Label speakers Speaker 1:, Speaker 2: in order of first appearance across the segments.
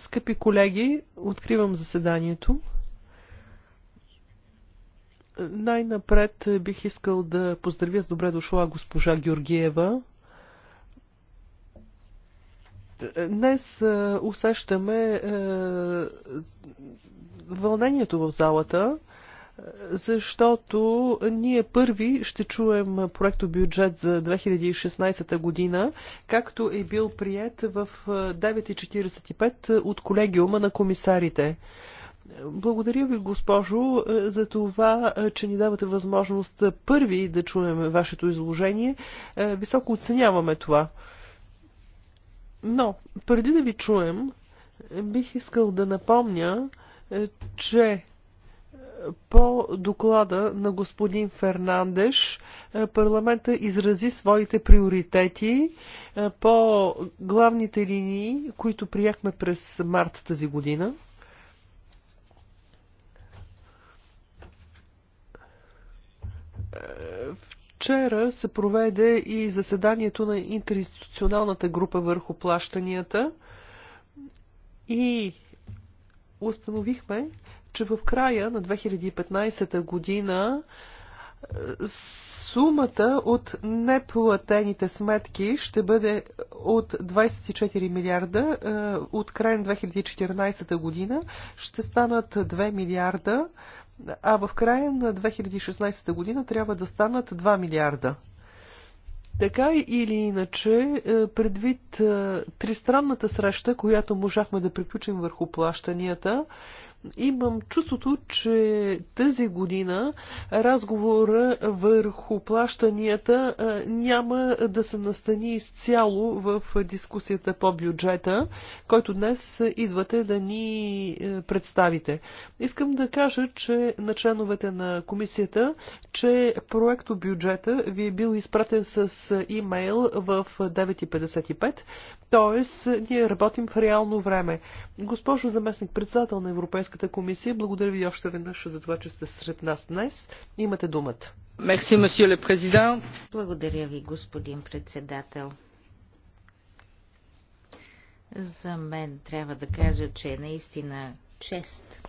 Speaker 1: Скъпи колеги, откривам заседанието. Най-напред бих искал да поздравя с добре дошла госпожа Георгиева. Днес е, усещаме е, вълнението в залата защото ние първи ще чуем проекто бюджет за 2016 година, както е бил прият в 9.45 от колегиума на комисарите. Благодаря ви, госпожо, за това, че ни давате възможност първи да чуем вашето изложение. Високо оценяваме това. Но, преди да ви чуем, бих искал да напомня, че по доклада на господин Фернандеш е, парламента изрази своите приоритети е, по главните линии, които приехме през март тази година. Вчера се проведе и заседанието на интеринституционалната група върху плащанията и установихме, че в края на 2015 година е, сумата от неплатените сметки ще бъде от 24 милиарда. Е, от края на 2014 година ще станат 2 милиарда, а в края на 2016 година трябва да станат 2 милиарда. Така или иначе, е, предвид тристранната среща, която можахме да приключим върху плащанията, имам чувството, че тази година разговора върху плащанията няма да се настани изцяло в дискусията по бюджета, който днес идвате да ни е, представите. Искам да кажа, че на членовете на комисията, че проекто бюджета ви е бил изпратен с имейл в 9.55, т.е. ние работим в реално време. Госпожо заместник председател на Европейска Европейската комисия. Благодаря ви още веднъж за това, че
Speaker 2: сте сред нас днес. Имате думата. Мерси, месье ле президент. Благодаря ви, господин председател. За мен трябва да кажа, че е наистина чест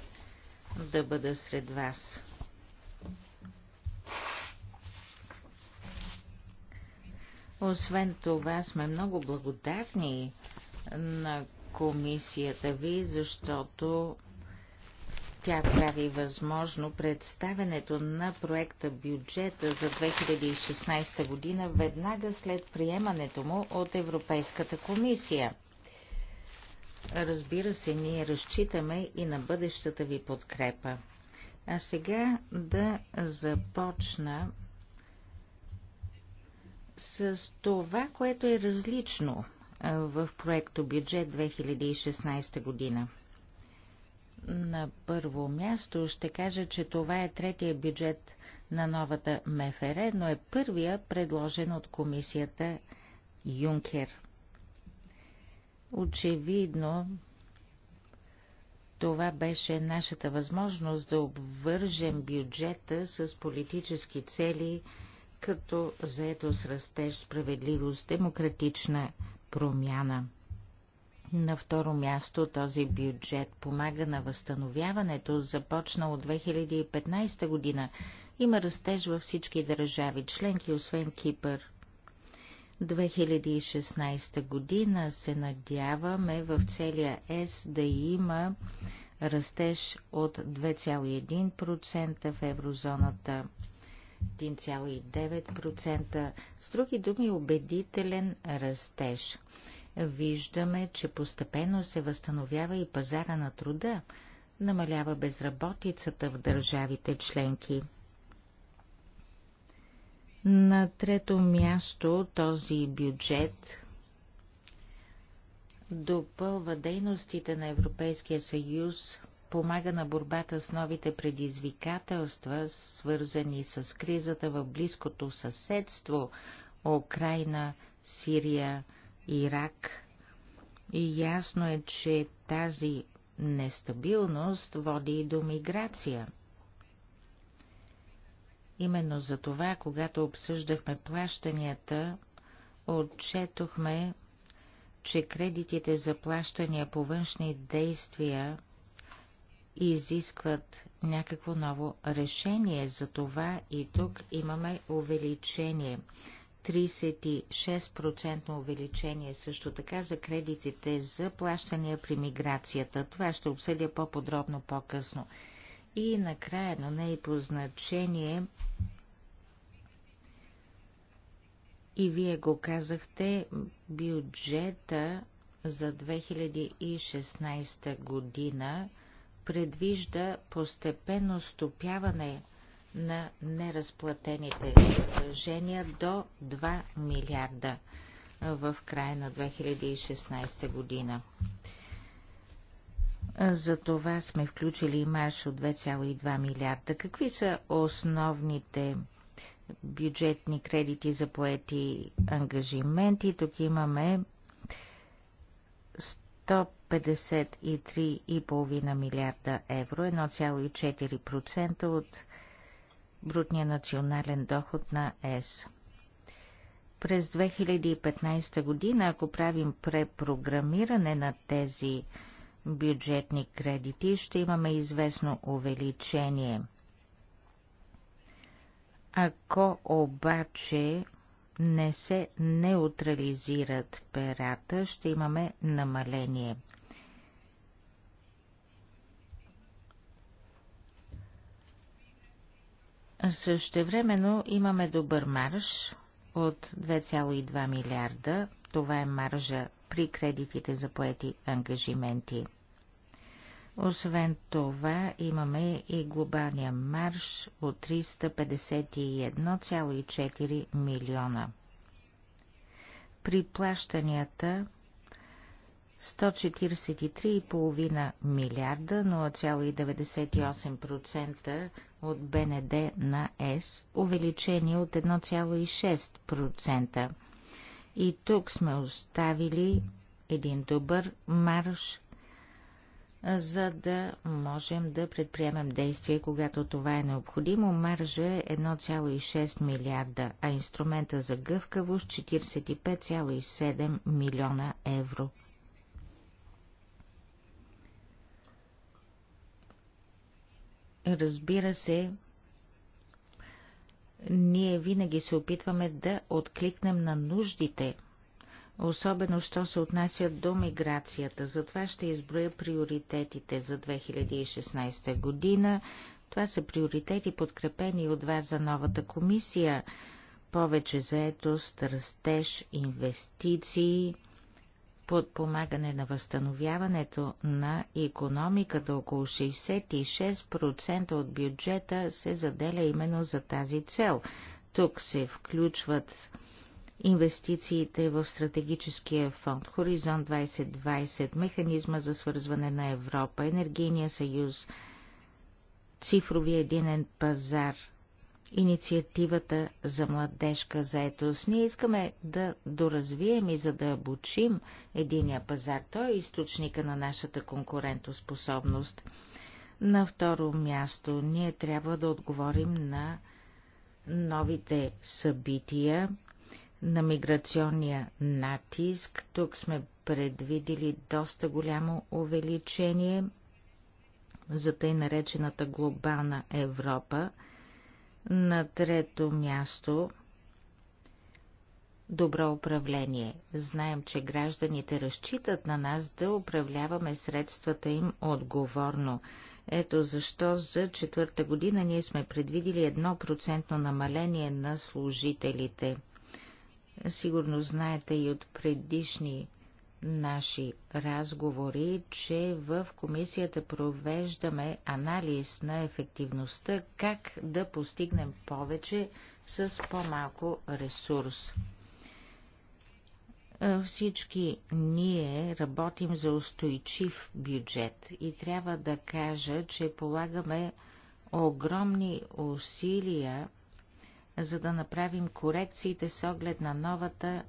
Speaker 2: да бъда сред вас. Освен това, сме много благодарни на комисията ви, защото тя прави възможно представенето на проекта бюджета за 2016 година веднага след приемането му от Европейската комисия. Разбира се, ние разчитаме и на бъдещата ви подкрепа. А сега да започна с това, което е различно в проекто бюджет 2016 година. На първо място ще кажа, че това е третия бюджет на новата МФР, но е първия предложен от комисията Юнкер. Очевидно, това беше нашата възможност да обвържем бюджета с политически цели, като заето с растеж, справедливост, демократична промяна. На второ място този бюджет помага на възстановяването, започна от 2015 година. Има растеж във всички държави членки, освен Кипър. 2016 година се надяваме в целия ЕС да има растеж от 2,1% в еврозоната, 1,9%, с други думи убедителен растеж виждаме, че постепенно се възстановява и пазара на труда, намалява безработицата в държавите членки. На трето място този бюджет допълва дейностите на Европейския съюз, помага на борбата с новите предизвикателства, свързани с кризата в близкото съседство Украина, Сирия, Ирак. И ясно е, че тази нестабилност води и до миграция. Именно за това, когато обсъждахме плащанията, отчетохме, че кредитите за плащания по външни действия изискват някакво ново решение. За това и тук имаме увеличение 36% увеличение също така за кредитите за плащания при миграцията. Това ще обсъдя по-подробно по-късно. И накрая, но не и по значение, и вие го казахте, бюджета за 2016 година предвижда постепенно стопяване – на неразплатените задължения до 2 милиарда в края на 2016 година. За това сме включили и марш от 2,2 милиарда. Какви са основните бюджетни кредити за поети ангажименти? Тук имаме 153,5 милиарда евро, 1,4% от брутния национален доход на ЕС. През 2015 година, ако правим препрограмиране на тези бюджетни кредити, ще имаме известно увеличение. Ако обаче не се неутрализират перата, ще имаме намаление. Същевременно имаме добър марш от 2,2 милиарда. Това е маржа при кредитите за поети ангажименти. Освен това имаме и глобалния марш от 351,4 милиона. При плащанията 143,5 милиарда, 0,98% от БНД на ЕС, увеличение от 1,6%. И тук сме оставили един добър марш, за да можем да предприемем действие, когато това е необходимо. Маржа е 1,6 милиарда, а инструмента за гъвкавост 45,7 милиона евро. Разбира се, ние винаги се опитваме да откликнем на нуждите, особено що се отнася до миграцията. Затова ще изброя приоритетите за 2016 година. Това са приоритети, подкрепени от вас за новата комисия. Повече заетост, растеж, инвестиции, подпомагане на възстановяването на економиката. Около 66% от бюджета се заделя именно за тази цел. Тук се включват инвестициите в стратегическия фонд Хоризонт 2020, механизма за свързване на Европа, енергийния съюз, цифровия единен пазар – инициативата за младежка заетост. Ние искаме да доразвием и за да обучим единия пазар. Той е източника на нашата конкурентоспособност. На второ място, ние трябва да отговорим на новите събития, на миграционния натиск. Тук сме предвидили доста голямо увеличение за тъй наречената глобална Европа – на трето място добро управление. Знаем, че гражданите разчитат на нас да управляваме средствата им отговорно. Ето защо за четвърта година ние сме предвидили процентно намаление на служителите. Сигурно знаете и от предишни наши разговори, че в комисията провеждаме анализ на ефективността, как да постигнем повече с по-малко ресурс. Е, всички ние работим за устойчив бюджет и трябва да кажа, че полагаме огромни усилия, за да направим корекциите с оглед на новата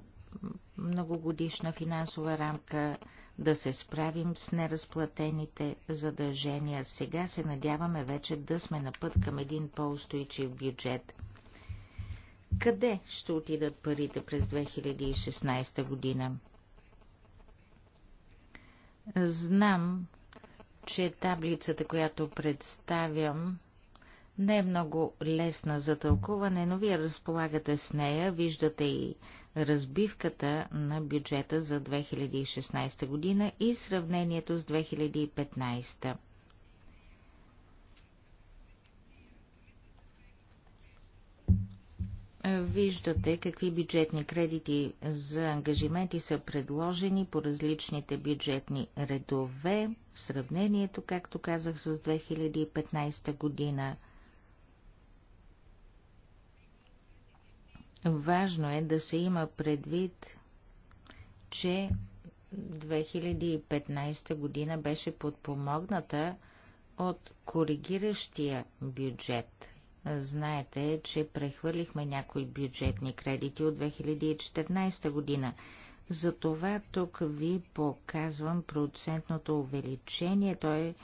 Speaker 2: многогодишна финансова рамка, да се справим с неразплатените задължения. Сега се надяваме вече да сме на път към един по-устойчив бюджет. Къде ще отидат парите през 2016 година? Знам, че таблицата, която представям, не е много лесна за тълкуване, но вие разполагате с нея, виждате и разбивката на бюджета за 2016 година и сравнението с 2015. Виждате какви бюджетни кредити за ангажименти са предложени по различните бюджетни редове, сравнението, както казах, с 2015 година. Важно е да се има предвид, че 2015 година беше подпомогната от коригиращия бюджет. Знаете, че прехвърлихме някои бюджетни кредити от 2014 година. Затова тук ви показвам процентното увеличение. То е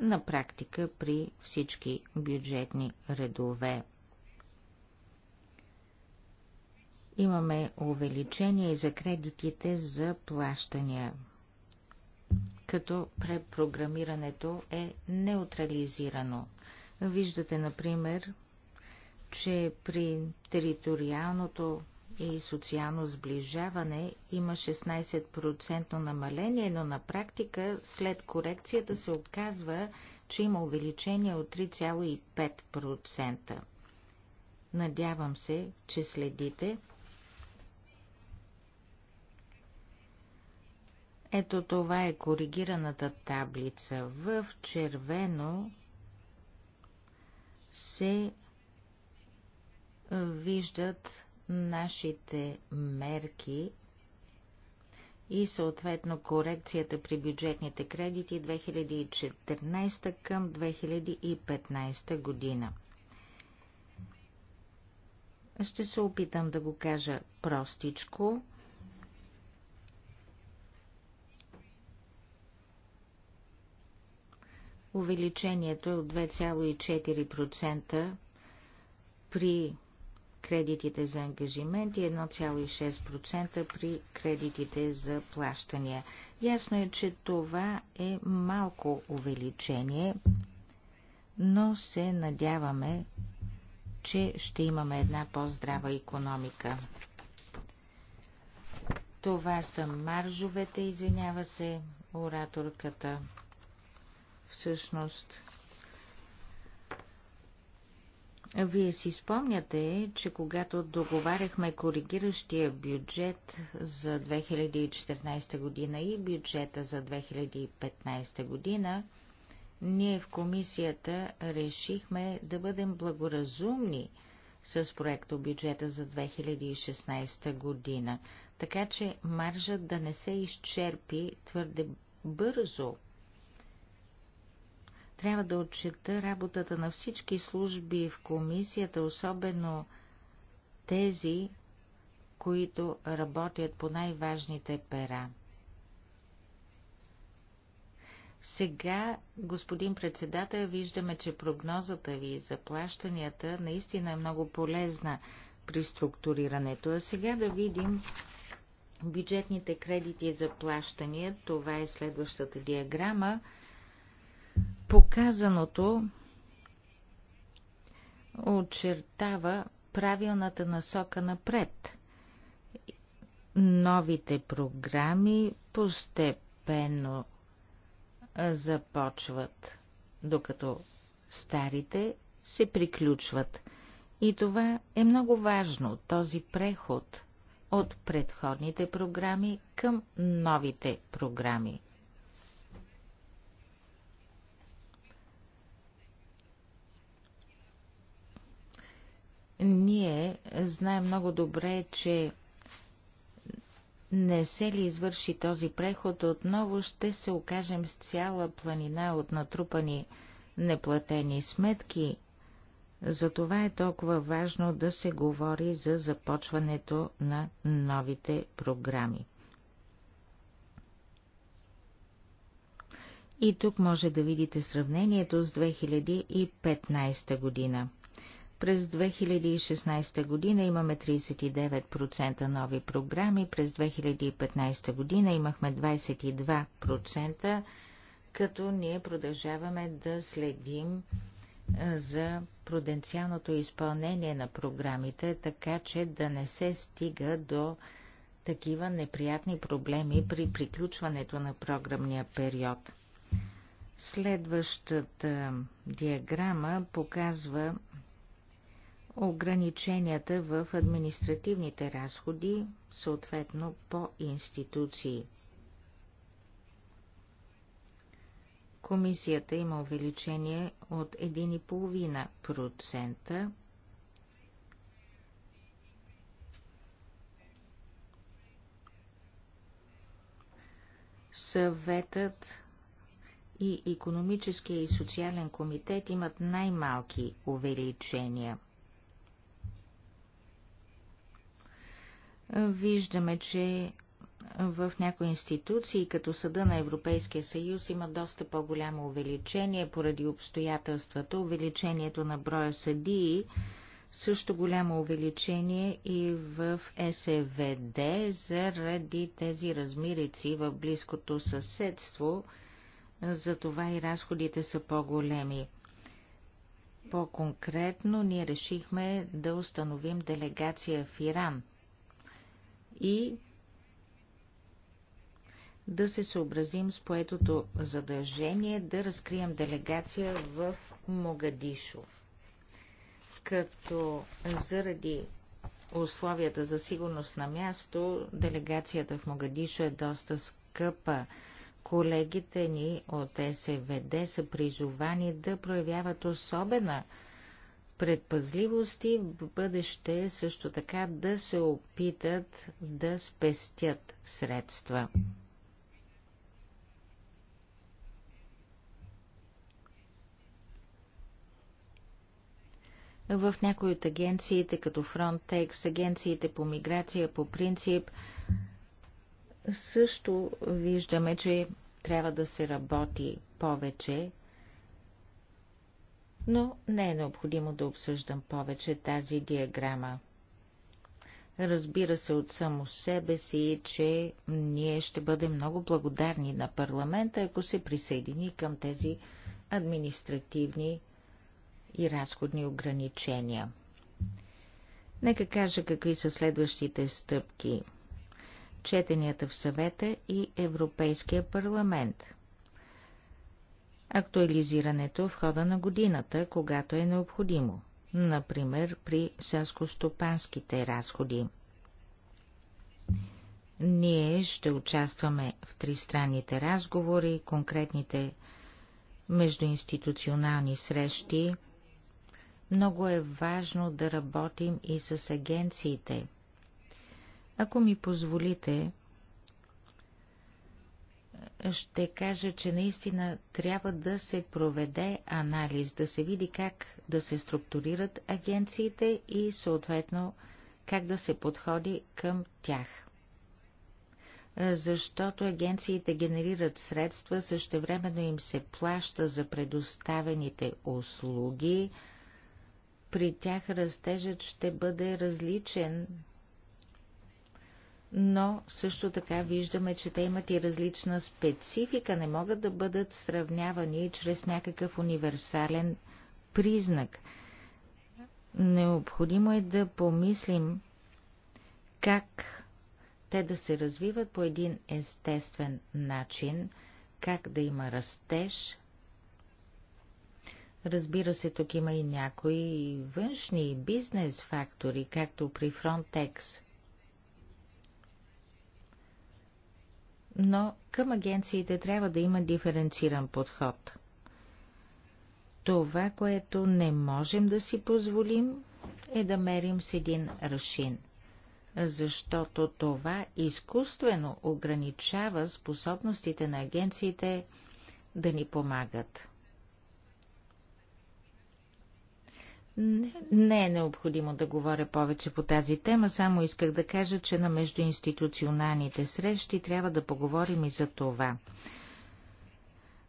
Speaker 2: на практика при всички бюджетни редове. Имаме увеличение и за кредитите за плащания, като препрограмирането е неутрализирано. Виждате, например, че при териториалното и социално сближаване има 16% намаление, но на практика след корекцията се оказва, че има увеличение от 3,5%. Надявам се, че следите Ето това е коригираната таблица. В червено се виждат нашите мерки и съответно корекцията при бюджетните кредити 2014 към 2015 година. Ще се опитам да го кажа простичко. Увеличението е от 2,4% при кредитите за ангажимент и 1,6% при кредитите за плащания. Ясно е, че това е малко увеличение, но се надяваме, че ще имаме една по-здрава економика. Това са маржовете, извинява се ораторката всъщност. Вие си спомняте, че когато договаряхме коригиращия бюджет за 2014 година и бюджета за 2015 година, ние в комисията решихме да бъдем благоразумни с проекто бюджета за 2016 година, така че маржът да не се изчерпи твърде бързо – трябва да отчета работата на всички служби в комисията, особено тези, които работят по най-важните пера. Сега, господин председател, виждаме, че прогнозата ви за плащанията наистина е много полезна при структурирането. А сега да видим бюджетните кредити за плащания. Това е следващата диаграма. Показаното очертава правилната насока напред. Новите програми постепенно започват, докато старите се приключват. И това е много важно, този преход от предходните програми към новите програми. Ние знаем много добре, че не се ли извърши този преход, отново ще се окажем с цяла планина от натрупани неплатени сметки. Затова е толкова важно да се говори за започването на новите програми. И тук може да видите сравнението с 2015 година. През 2016 година имаме 39% нови програми, през 2015 година имахме 22%, като ние продължаваме да следим за пруденциалното изпълнение на програмите, така че да не се стига до такива неприятни проблеми при приключването на програмния период. Следващата диаграма показва ограниченията в административните разходи, съответно по институции. Комисията има увеличение от 1,5%. Съветът и економическия и социален комитет имат най-малки увеличения – Виждаме, че в някои институции, като Съда на Европейския съюз, има доста по-голямо увеличение поради обстоятелствата, увеличението на броя съдии, също голямо увеличение и в СВД заради тези размирици в близкото съседство, затова и разходите са по-големи. По-конкретно ние решихме да установим делегация в Иран – и да се съобразим с поетото задължение да разкрием делегация в Могадишо. Като заради условията за сигурност на място, делегацията в Могадишо е доста скъпа. Колегите ни от СВД са призовани да проявяват особена предпазливости в бъдеще също така да се опитат да спестят средства. В някои от агенциите, като Frontex, агенциите по миграция по принцип, също виждаме, че трябва да се работи повече но не е необходимо да обсъждам повече тази диаграма. Разбира се от само себе си, че ние ще бъдем много благодарни на парламента, ако се присъедини към тези административни и разходни ограничения. Нека кажа какви са следващите стъпки. Четенията в съвета и Европейския парламент – актуализирането е в хода на годината, когато е необходимо, например при селскостопанските разходи. Ние ще участваме в тристранните разговори, конкретните междуинституционални срещи. Много е важно да работим и с агенциите. Ако ми позволите, ще кажа, че наистина трябва да се проведе анализ, да се види как да се структурират агенциите и съответно как да се подходи към тях. Защото агенциите генерират средства, същевременно им се плаща за предоставените услуги, при тях растежът ще бъде различен но също така виждаме, че те имат и различна специфика, не могат да бъдат сравнявани чрез някакъв универсален признак. Необходимо е да помислим как те да се развиват по един естествен начин, как да има растеж. Разбира се, тук има и някои външни бизнес фактори, както при Frontex – но към агенциите трябва да има диференциран подход. Това, което не можем да си позволим, е да мерим с един рашин, защото това изкуствено ограничава способностите на агенциите да ни помагат. Не е необходимо да говоря повече по тази тема, само исках да кажа, че на междуинституционалните срещи трябва да поговорим и за това.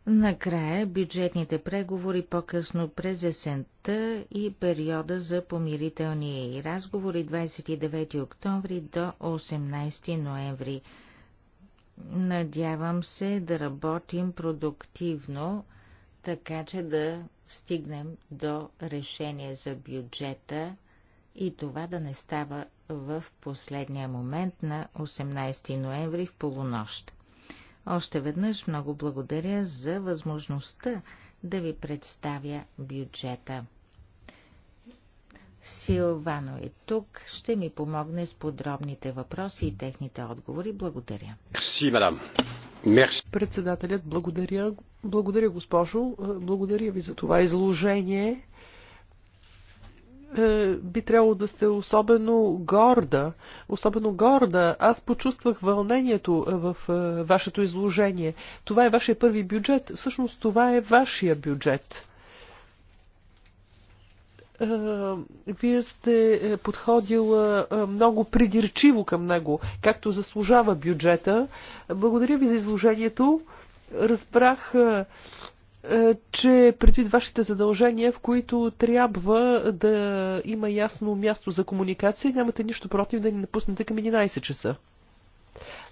Speaker 2: Накрая бюджетните преговори по-късно през есента и периода за помирителни и разговори 29 октомври до 18 ноември. Надявам се да работим продуктивно, така че да стигнем до решение за бюджета и това да не става в последния момент на 18 ноември в полунощ. Още веднъж много благодаря за възможността да ви представя бюджета. Силвано е тук, ще ми помогне с подробните въпроси и техните отговори. Благодаря. Merci, Председателят, благодаря.
Speaker 1: Благодаря, госпожо. Благодаря ви за това изложение. Е, би трябвало да сте особено горда. Особено горда. Аз почувствах вълнението в е, вашето изложение. Това е вашия първи бюджет. Всъщност това е вашия бюджет. Е, вие сте е, подходила е, много придирчиво към него, както заслужава бюджета. Благодаря ви за изложението. Разбрах, че предвид вашите задължения, в които трябва да има ясно място за комуникация, нямате нищо против да ни напуснете към 11 часа.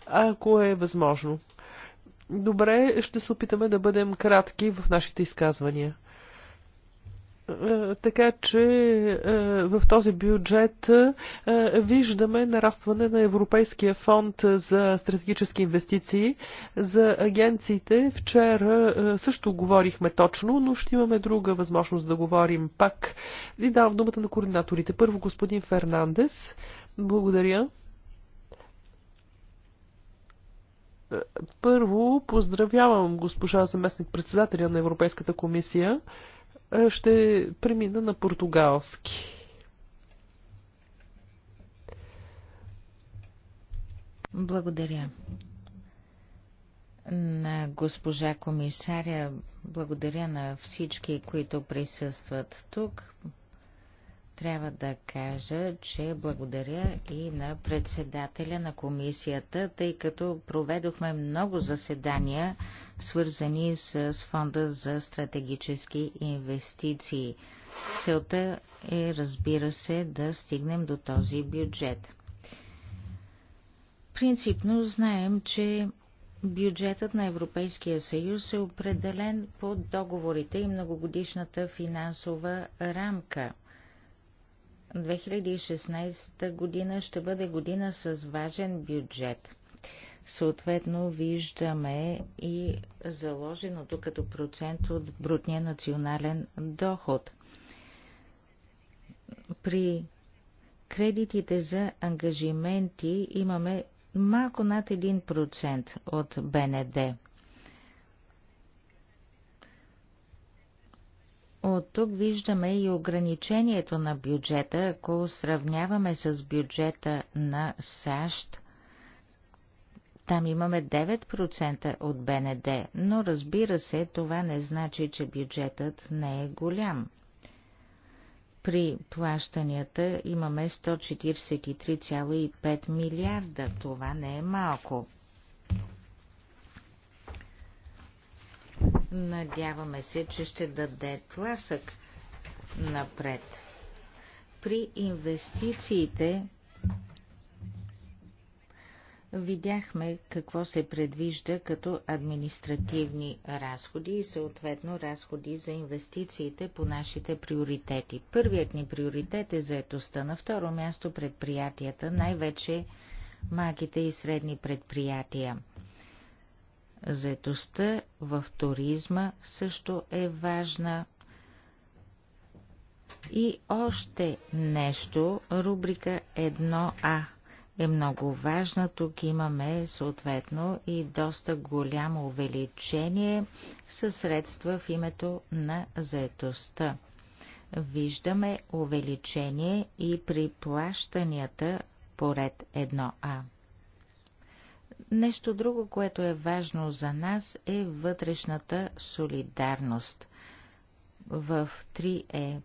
Speaker 1: Ако е възможно. Добре, ще се опитаме да бъдем кратки в нашите изказвания. Е, така че е, в този бюджет е, виждаме нарастване на Европейския фонд за стратегически инвестиции за агенциите. Вчера също говорихме точно, но ще имаме друга възможност да говорим пак. И давам думата на координаторите. Първо господин Фернандес. Благодаря. Първо поздравявам госпожа заместник председателя на Европейската комисия. Е, ще премина на португалски.
Speaker 2: Благодаря. На госпожа комисаря, благодаря на всички, които присъстват тук. Трябва да кажа, че благодаря и на председателя на комисията, тъй като проведохме много заседания, свързани с Фонда за стратегически инвестиции. Целта е, разбира се, да стигнем до този бюджет. Принципно знаем, че Бюджетът на Европейския съюз е определен по договорите и многогодишната финансова рамка. 2016 година ще бъде година с важен бюджет. Съответно виждаме и заложеното като процент от брутния национален доход. При кредитите за ангажименти имаме малко над 1% от БНД. От тук виждаме и ограничението на бюджета, ако сравняваме с бюджета на САЩ. Там имаме 9% от БНД, но разбира се, това не значи, че бюджетът не е голям. При плащанията имаме 143,5 милиарда. Това не е малко. Надяваме се, че ще даде тласък напред. При инвестициите видяхме какво се предвижда като административни разходи и съответно разходи за инвестициите по нашите приоритети. Първият ни приоритет е заетостта, на второ място предприятията, най-вече малките и средни предприятия. Заетостта в туризма също е важна. И още нещо, рубрика 1А е много важна. Тук имаме съответно и доста голямо увеличение със средства в името на заетостта. Виждаме увеличение и при плащанията поред 1А. Нещо друго, което е важно за нас, е вътрешната солидарност. В 3Е.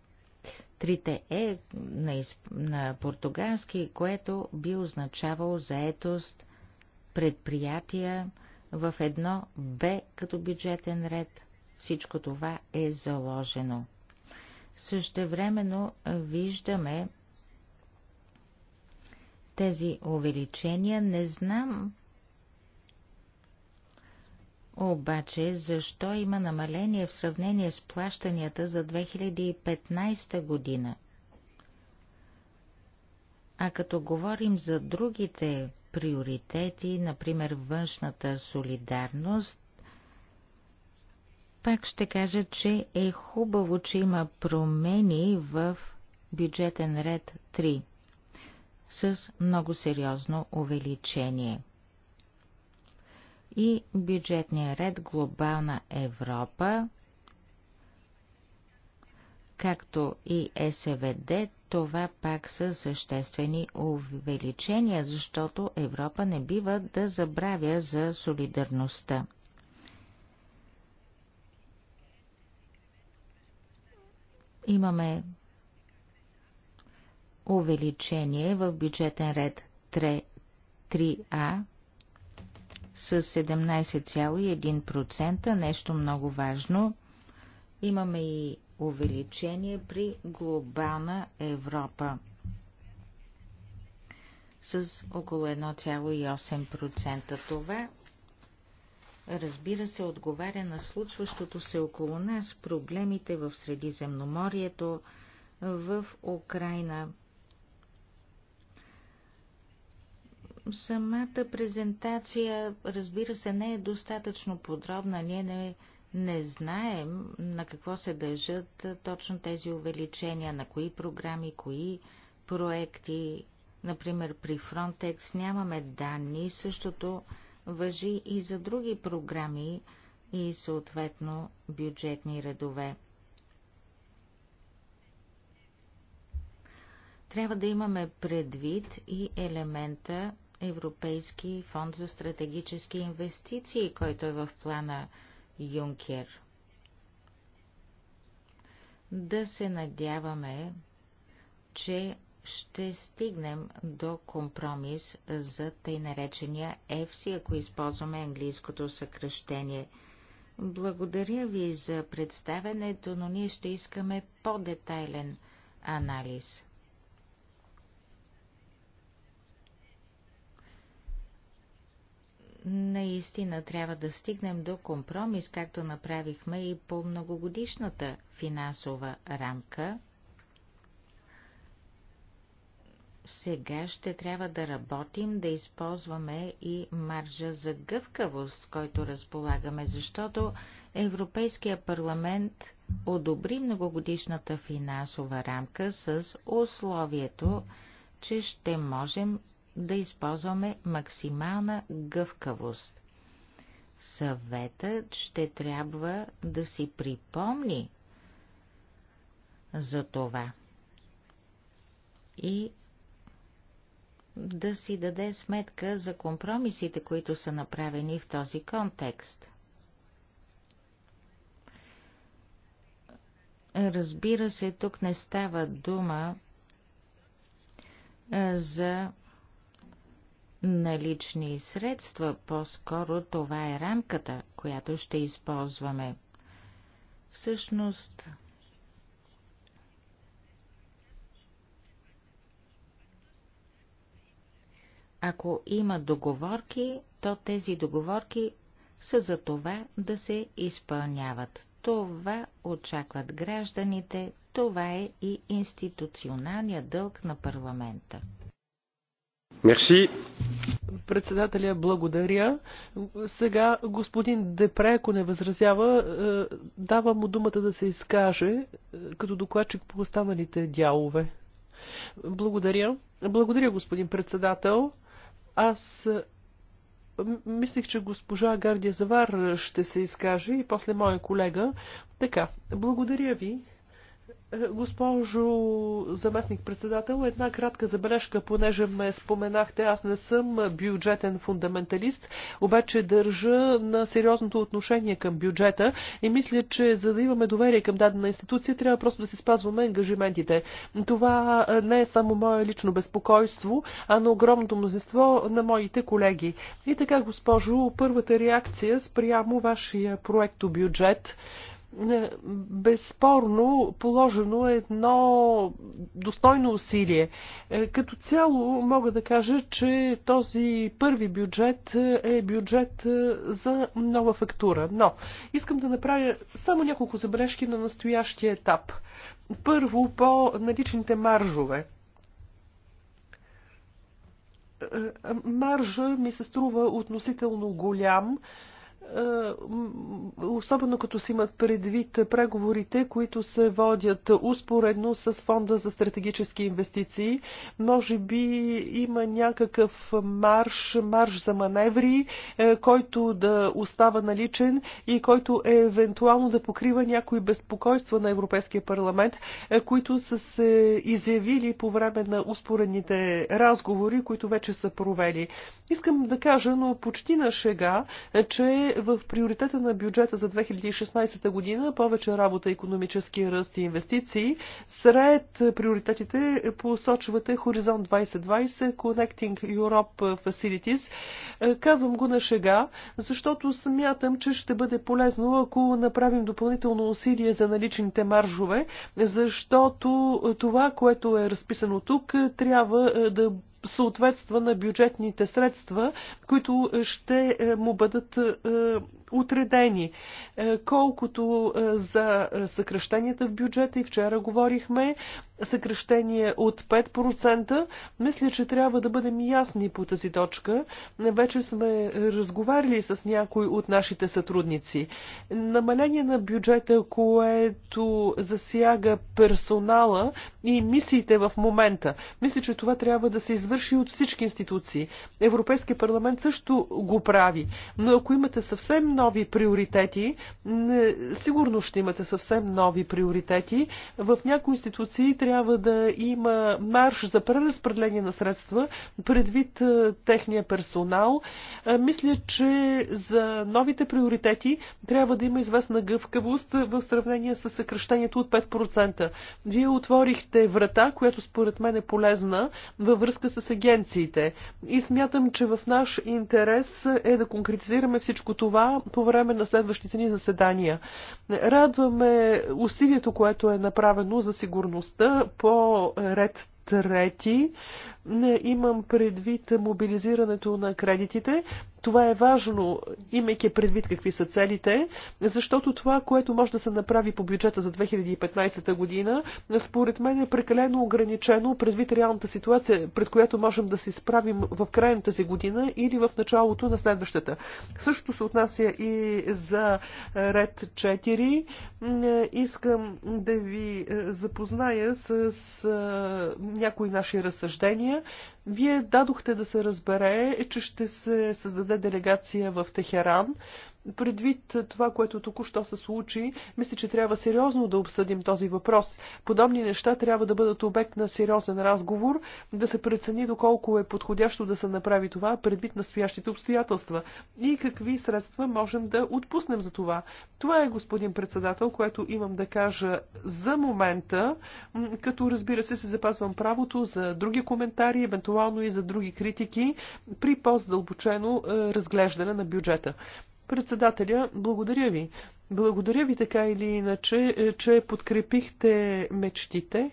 Speaker 2: Трите Е на, изп... на португалски, което би означавало заетост, предприятия в едно Б като бюджетен ред. Всичко това е заложено. Същевременно виждаме тези увеличения. Не знам обаче, защо има намаление в сравнение с плащанията за 2015 година? А като говорим за другите приоритети, например външната солидарност, пак ще кажа, че е хубаво, че има промени в бюджетен ред 3 с много сериозно увеличение – и бюджетния ред Глобална Европа, както и СВД, това пак са съществени увеличения, защото Европа не бива да забравя за солидарността. Имаме увеличение в бюджетен ред 3, 3А с 17,1%, нещо много важно. Имаме и увеличение при глобална Европа с около 1,8%. Това, разбира се, отговаря на случващото се около нас проблемите в Средиземноморието, в Украина – Самата презентация, разбира се, не е достатъчно подробна. Ние не, не знаем на какво се дължат точно тези увеличения, на кои програми, кои проекти. Например, при Frontex нямаме данни. Същото въжи и за други програми и съответно бюджетни редове. Трябва да имаме предвид и елемента Европейски фонд за стратегически инвестиции, който е в плана Юнкер. Да се надяваме, че ще стигнем до компромис за тъй наречения EFSI, ако използваме английското съкръщение. Благодаря ви за представенето, но ние ще искаме по-детайлен анализ. наистина трябва да стигнем до компромис, както направихме и по многогодишната финансова рамка. Сега ще трябва да работим, да използваме и маржа за гъвкавост, който разполагаме, защото Европейския парламент одобри многогодишната финансова рамка с условието, че ще можем да използваме максимална гъвкавост. Съветът ще трябва да си припомни за това и да си даде сметка за компромисите, които са направени в този контекст. Разбира се, тук не става дума за налични средства, по-скоро това е рамката, която ще използваме. Всъщност, ако има договорки, то тези договорки са за това да се изпълняват. Това очакват гражданите, това е и институционалния дълг на парламента.
Speaker 1: Мерси. Председателя, благодаря. Сега господин Депре, ако не възразява, е, дава му думата да се изкаже е, като докладчик по останалите дялове. Благодаря. Благодаря, господин председател. Аз е, мислих, че госпожа Гардия Завар ще се изкаже и после моя колега. Така, благодаря ви. Госпожо заместник-председател, една кратка забележка, понеже ме споменахте, аз не съм бюджетен фундаменталист, обаче държа на сериозното отношение към бюджета и мисля, че за да имаме доверие към дадена институция, трябва просто да си спазваме ангажиментите. Това не е само мое лично безпокойство, а на огромното мнозинство на моите колеги. И така, госпожо, първата реакция спрямо вашия проекто бюджет – е, безспорно положено едно достойно усилие. Е, като цяло мога да кажа, че този първи бюджет е бюджет е, за нова фактура. Но искам да направя само няколко забележки на настоящия етап. Първо по наличните маржове маржа ми се струва относително голям е, особено като си имат предвид преговорите, които се водят успоредно с Фонда за стратегически инвестиции. Може би има някакъв марш, марш за маневри, е, който да остава наличен и който е евентуално да покрива някои безпокойства на Европейския парламент, е, които са се изявили по време на успоредните разговори, които вече са провели. Искам да кажа, но почти на шега, че в приоритета на бюджета за 2016 година повече работа, економически ръст и инвестиции, сред приоритетите посочвате Хоризонт 2020, Connecting Europe Facilities. Е, казвам го на шега, защото смятам, че ще бъде полезно, ако направим допълнително усилие за наличните маржове, защото това, което е разписано тук, трябва е, да съответства на бюджетните средства, които ще е, му бъдат е, отредени. Е, колкото е, за съкръщенията в бюджета и вчера говорихме, съкръщение от 5%, мисля, че трябва да бъдем ясни по тази точка. Вече сме разговаряли с някои от нашите сътрудници. Намаление на бюджета, което засяга персонала и мисиите в момента. Мисля, че това трябва да се извърши от всички институции. Европейския парламент също го прави. Но ако имате съвсем нови приоритети. Сигурно ще имате съвсем нови приоритети. В някои институции трябва да има марш за преразпределение на средства предвид е, техния персонал. Е, мисля, че за новите приоритети трябва да има известна гъвкавост в сравнение с съкръщението от 5%. Вие отворихте врата, която според мен е полезна във връзка с агенциите. И смятам, че в наш интерес е да конкретизираме всичко това по време на следващите ни заседания. Радваме усилието, което е направено за сигурността по ред трети. Имам предвид мобилизирането на кредитите. Това е важно, имайки предвид какви са целите, защото това, което може да се направи по бюджета за 2015 година, според мен е прекалено ограничено предвид реалната ситуация, пред която можем да се справим в края на тази година или в началото на следващата. Също се отнася и за ред 4. Искам да ви запозная с някои наши разсъждения Армения, Вие дадохте да се разбере, че ще се създаде делегация в Техеран. Предвид това, което току-що се случи, мисля, че трябва сериозно да обсъдим този въпрос. Подобни неща трябва да бъдат обект на сериозен разговор, да се прецени доколко е подходящо да се направи това, предвид настоящите обстоятелства и какви средства можем да отпуснем за това. Това е, господин председател, което имам да кажа за момента, като разбира се, се запазвам правото за други коментари, евентуално и за други критики при по-задълбочено е, разглеждане на бюджета. Председателя, благодаря ви. Благодаря ви така или иначе, е, че подкрепихте мечтите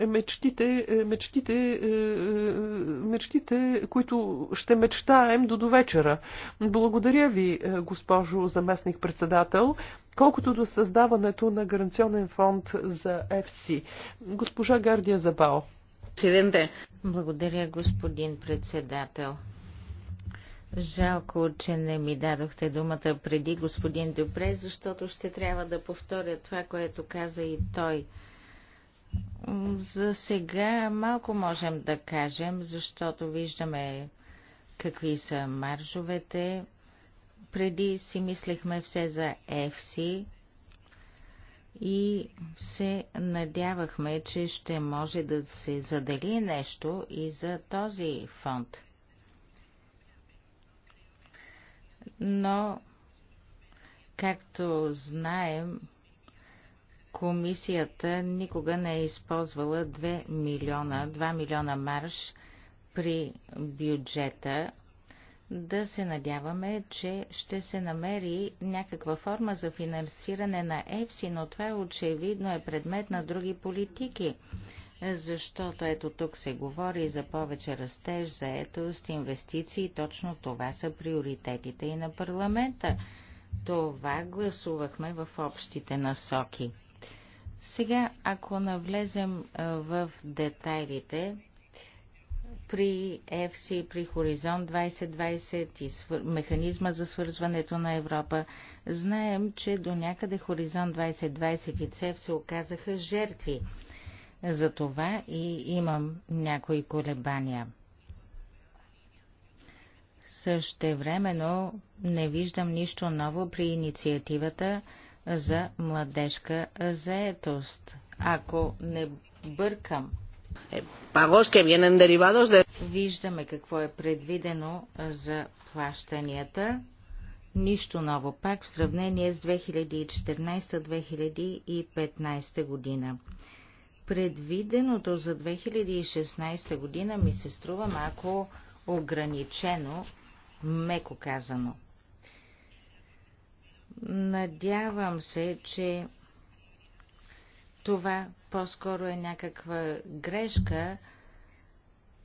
Speaker 1: е, мечтите, е, мечтите, мечтите, които ще мечтаем до довечера. Благодаря ви, госпожо заместник председател, колкото до създаването на гаранционен фонд за ЕФСИ. Госпожа Гардия
Speaker 2: Забао. Благодаря, господин председател. Жалко, че не ми дадохте думата преди господин Дюпре, защото ще трябва да повторя това, което каза и той. За сега малко можем да кажем, защото виждаме какви са маржовете. Преди си мислехме все за FC и се надявахме, че ще може да се задели нещо и за този фонд – но както знаем, комисията никога не е използвала 2 милиона, 2 милиона марш при бюджета. Да се надяваме, че ще се намери някаква форма за финансиране на ЕФСИ, но това очевидно е предмет на други политики защото ето тук се говори за повече растеж, заетост, инвестиции. Точно това са приоритетите и на парламента. Това гласувахме в общите насоки. Сега, ако навлезем в детайлите, при ЕФСИ, при Хоризонт 2020 и свър... механизма за свързването на Европа, знаем, че до някъде Хоризонт 2020 и ЦЕФ се оказаха жертви за това и имам някои колебания. времено не виждам нищо ново при инициативата за младежка заетост. Ако не бъркам, Виждаме какво е предвидено за плащанията. Нищо ново пак в сравнение с 2014-2015 година. Предвиденото за 2016 година ми се струва малко ограничено, меко казано. Надявам се, че това по-скоро е някаква грешка,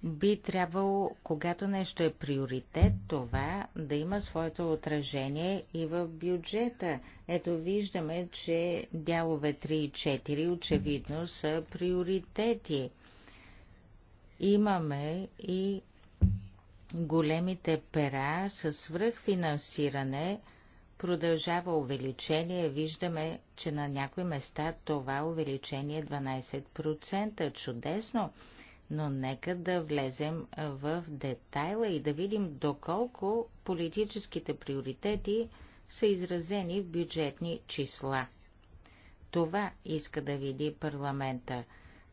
Speaker 2: би трябвало, когато нещо е приоритет, това да има своето отражение и в бюджета. Ето виждаме, че дялове 3 и 4 очевидно са приоритети. Имаме и големите пера с свръхфинансиране, продължава увеличение. Виждаме, че на някои места това увеличение е 12%. Чудесно! но нека да влезем в детайла и да видим доколко политическите приоритети са изразени в бюджетни числа. Това иска да види парламента.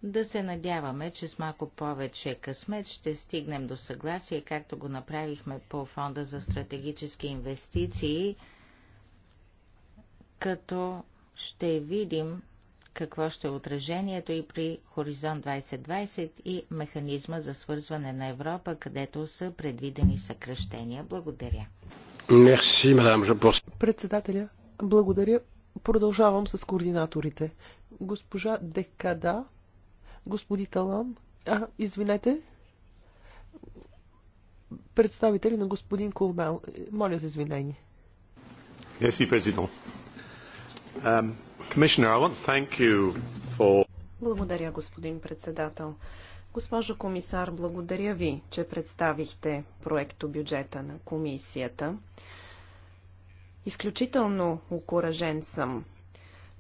Speaker 2: Да се надяваме, че с малко повече късмет ще стигнем до съгласие, както го направихме по Фонда за стратегически инвестиции, като ще видим какво ще е отражението и при Хоризонт 2020 и механизма за свързване на Европа, където са предвидени съкръщения. Благодаря. Мерси, мадам.
Speaker 1: Председателя, благодаря. Продължавам с координаторите. Госпожа Декада, господи Талан, а, извинете, представители на господин Колбел, Моля за извинение. Мерси, президент.
Speaker 3: Um... Благодаря, господин председател. Госпожо комисар, благодаря ви, че представихте проекто бюджета на комисията. Изключително окоръжен съм.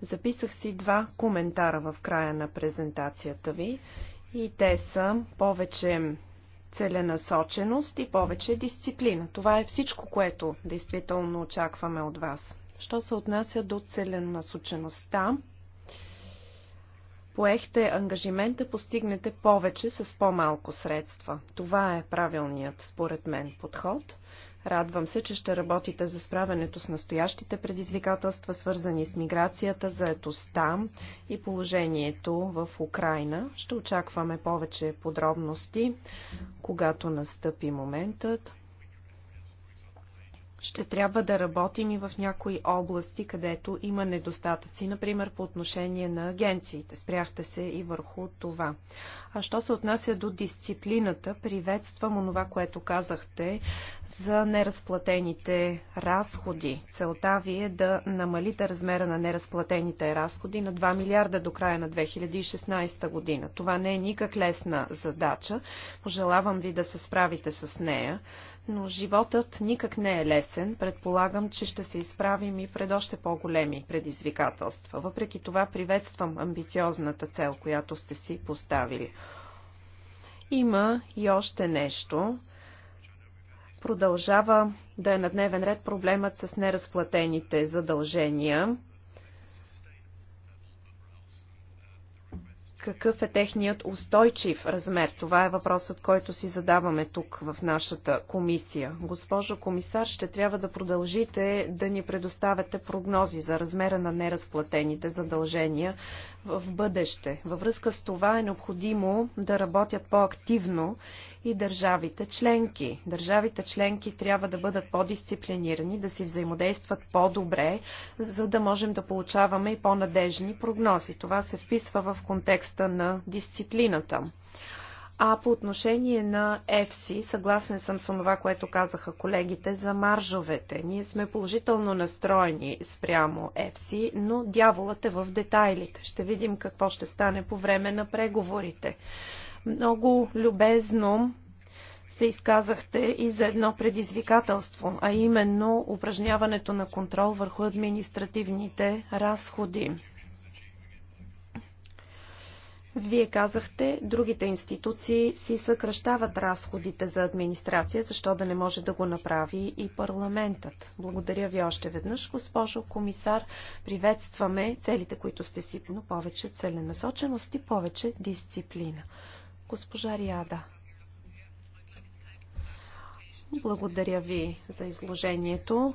Speaker 3: Записах си два коментара в края на презентацията ви и те са повече целенасоченост и повече дисциплина. Това е всичко, което действително очакваме от вас. Що се отнася до целенасочеността, поехте ангажимент да постигнете повече с по-малко средства. Това е правилният, според мен, подход. Радвам се, че ще работите за справянето с настоящите предизвикателства, свързани с миграцията, заетостта и положението в Украина. Ще очакваме повече подробности, когато настъпи моментът. Ще трябва да работим и в някои области, където има недостатъци, например по отношение на агенциите. Спряхте се и върху това. А що се отнася до дисциплината, приветствам онова, което казахте за неразплатените разходи. Целта ви е да намалите размера на неразплатените разходи на 2 милиарда до края на 2016 година. Това не е никак лесна задача. Пожелавам ви да се справите с нея но животът никак не е лесен. Предполагам, че ще се изправим и пред още по-големи предизвикателства. Въпреки това приветствам амбициозната цел, която сте си поставили. Има и още нещо. Продължава да е на дневен ред проблемът с неразплатените задължения. какъв е техният устойчив размер? Това е въпросът, който си задаваме тук в нашата комисия. Госпожо комисар, ще трябва да продължите да ни предоставяте прогнози за размера на неразплатените задължения в бъдеще. Във връзка с това е необходимо да работят по-активно и държавите членки. Държавите членки трябва да бъдат по-дисциплинирани, да си взаимодействат по-добре, за да можем да получаваме и по-надежни прогнози. Това се вписва в контекста на дисциплината. А по отношение на ЕФСИ, съгласен съм с това, което казаха колегите за маржовете. Ние сме положително настроени спрямо ЕФСИ, но дяволът е в детайлите. Ще видим какво ще стане по време на преговорите. Много любезно се изказахте и за едно предизвикателство, а именно упражняването на контрол върху административните разходи. Вие казахте, другите институции си съкръщават разходите за администрация, защо да не може да го направи и парламентът. Благодаря ви още веднъж, госпожо комисар. Приветстваме целите, които сте си, но повече целенасоченост и повече дисциплина. Госпожа Риада. Благодаря ви за изложението.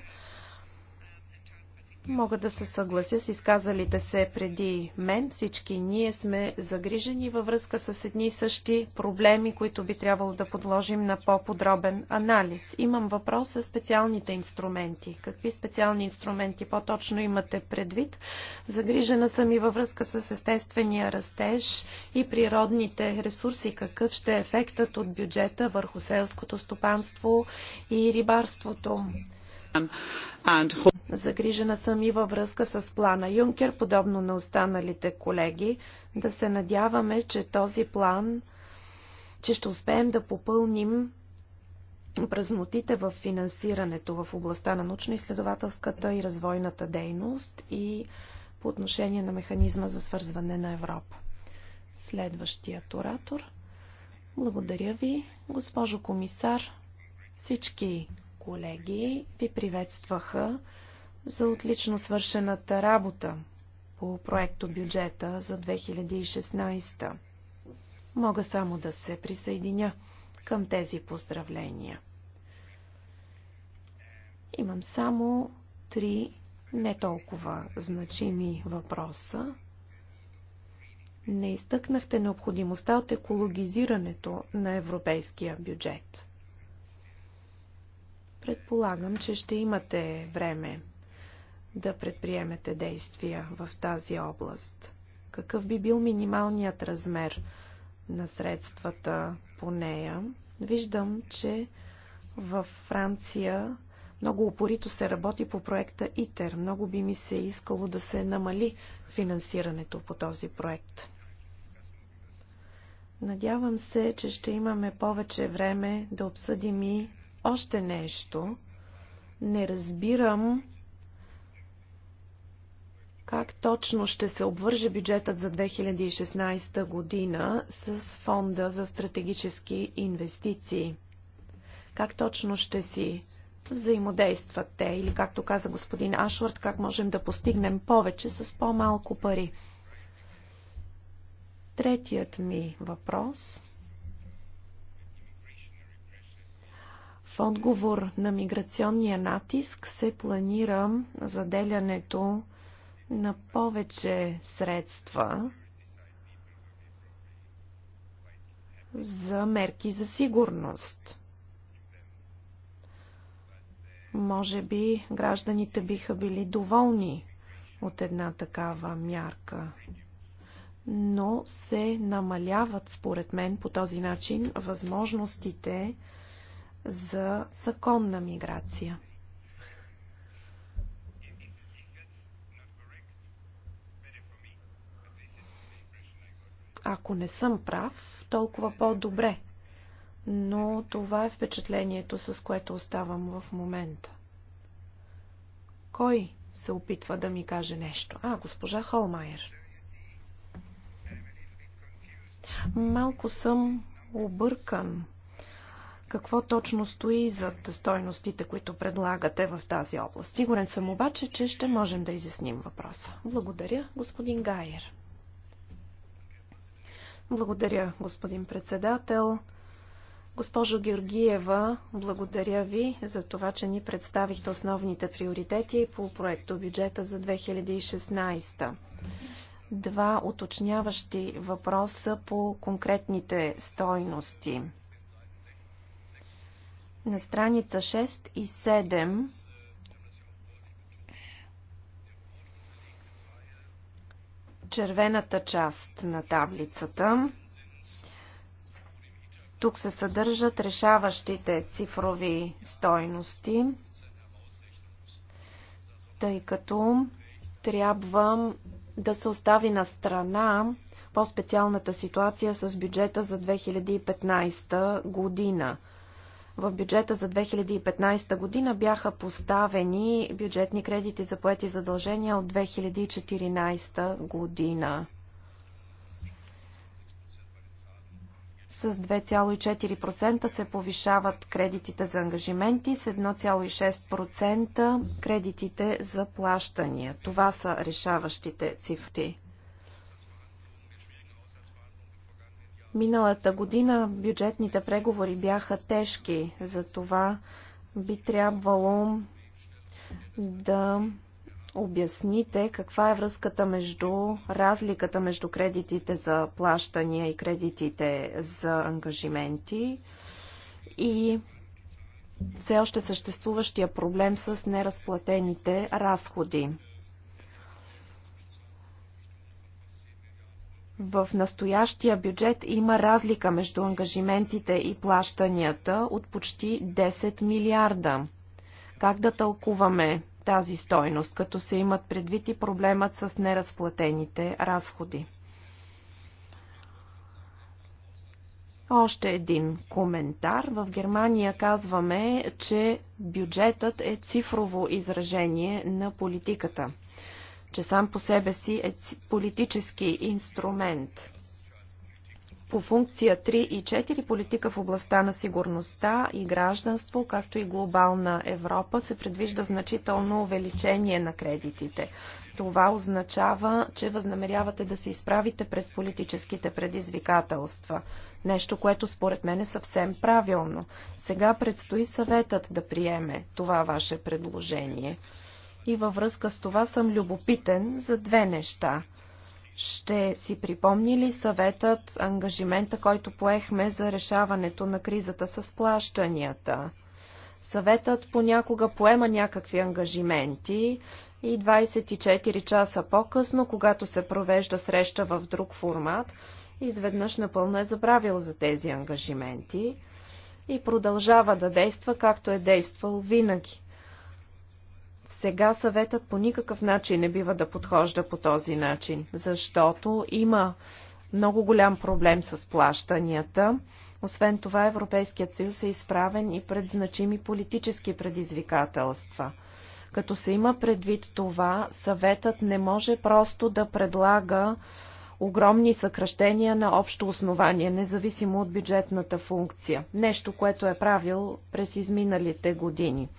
Speaker 3: Мога да се съглася с изказалите се преди мен. Всички ние сме загрижени във връзка с едни и същи проблеми, които би трябвало да подложим на по-подробен анализ. Имам въпрос за специалните инструменти. Какви специални инструменти по-точно имате предвид? Загрижена съм и във връзка с естествения растеж и природните ресурси. Какъв ще е ефектът от бюджета върху селското стопанство и рибарството? Загрижена съм и във връзка с плана Юнкер, подобно на останалите колеги, да се надяваме, че този план, че ще успеем да попълним празнотите в финансирането в областта на научно-изследователската и развойната дейност и по отношение на механизма за свързване на Европа. Следващият оратор. Благодаря ви, госпожо комисар. Всички колеги ви приветстваха за отлично свършената работа по проекто бюджета за 2016. Мога само да се присъединя към тези поздравления. Имам само три не толкова значими въпроса. Не изтъкнахте необходимостта от екологизирането на европейския бюджет. Предполагам, че ще имате време да предприемете действия в тази област. Какъв би бил минималният размер на средствата по нея? Виждам, че във Франция много упорито се работи по проекта ИТЕР. Много би ми се искало да се намали финансирането по този проект. Надявам се, че ще имаме повече време да обсъдим и още нещо. Не разбирам как точно ще се обвърже бюджетът за 2016 година с фонда за стратегически инвестиции? Как точно ще си взаимодействат те? Или, както каза господин Ашвард, как можем да постигнем повече с по-малко пари? Третият ми въпрос В отговор на миграционния натиск се планира заделянето на повече средства за мерки за сигурност. Може би гражданите биха били доволни от една такава мярка, но се намаляват, според мен, по този начин възможностите за законна миграция. Ако не съм прав, толкова по-добре. Но това е впечатлението, с което оставам в момента. Кой се опитва да ми каже нещо? А, госпожа Холмайер. Малко съм объркан какво точно стои зад стойностите, които предлагате в тази област. Сигурен съм обаче, че ще можем да изясним въпроса. Благодаря, господин Гайер. Благодаря, господин председател. Госпожо Георгиева, благодаря ви за това, че ни представихте основните приоритети по проекто бюджета за 2016. Два уточняващи въпроса по конкретните стойности – на страница 6 и 7 червената част на таблицата. Тук се съдържат решаващите цифрови стойности, тъй като трябва да се остави на страна по-специалната ситуация с бюджета за 2015 година в бюджета за 2015 година бяха поставени бюджетни кредити за поети задължения от 2014 година. С 2,4% се повишават кредитите за ангажименти, с 1,6% кредитите за плащания. Това са решаващите цифри. Миналата година бюджетните преговори бяха тежки, затова би трябвало да обясните каква е връзката между разликата между кредитите за плащания и кредитите за ангажименти и все още съществуващия проблем с неразплатените разходи. В настоящия бюджет има разлика между ангажиментите и плащанията от почти 10 милиарда. Как да тълкуваме тази стойност, като се имат предвид и проблемът с неразплатените разходи? Още един коментар. В Германия казваме, че бюджетът е цифрово изражение на политиката – че сам по себе си е политически инструмент. По функция 3 и 4 политика в областта на сигурността и гражданство, както и глобална Европа, се предвижда значително увеличение на кредитите. Това означава, че възнамерявате да се изправите пред политическите предизвикателства. Нещо, което според мен е съвсем правилно. Сега предстои съветът да приеме това ваше предложение. И във връзка с това съм любопитен за две неща. Ще си припомни ли съветът ангажимента, който поехме за решаването на кризата с плащанията? Съветът понякога поема някакви ангажименти и 24 часа по-късно, когато се провежда среща в друг формат, изведнъж напълно е забравил за тези ангажименти и продължава да действа както е действал винаги. Сега съветът по никакъв начин не бива да подхожда по този начин, защото има много голям проблем с плащанията. Освен това, Европейският съюз е изправен и пред значими политически предизвикателства. Като се има предвид това, съветът не може просто да предлага огромни съкръщения на общо основание, независимо от бюджетната функция. Нещо, което е правил през изминалите години.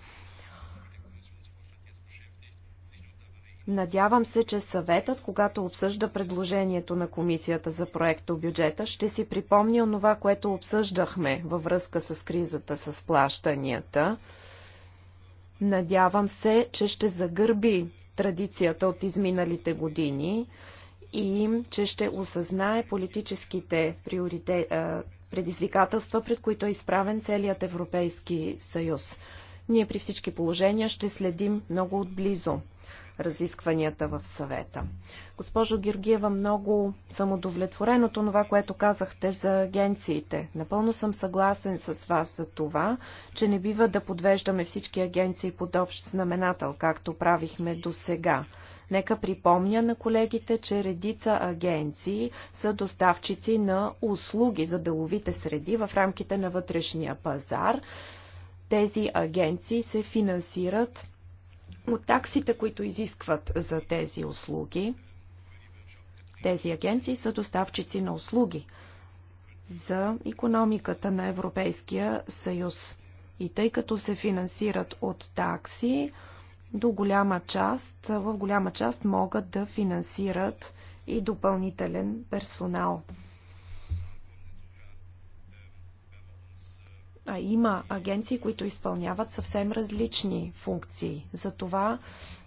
Speaker 3: Надявам се, че съветът, когато обсъжда предложението на комисията за проекто бюджета, ще си припомни онова, което обсъждахме във връзка с кризата с плащанията. Надявам се, че ще загърби традицията от изминалите години и че ще осъзнае политическите предизвикателства, пред които е изправен целият Европейски съюз. Ние при всички положения ще следим много отблизо разискванията в съвета. Госпожо Георгиева, много съм удовлетворен от това, което казахте за агенциите. Напълно съм съгласен с вас за това, че не бива да подвеждаме всички агенции под общ знаменател, както правихме до сега. Нека припомня на колегите, че редица агенции са доставчици на услуги за деловите среди в рамките на вътрешния пазар тези агенции се финансират от таксите, които изискват за тези услуги. Тези агенции са доставчици на услуги за економиката на Европейския съюз. И тъй като се финансират от такси, до голяма част, в голяма част могат да финансират и допълнителен персонал. А има агенции, които изпълняват съвсем различни функции. Затова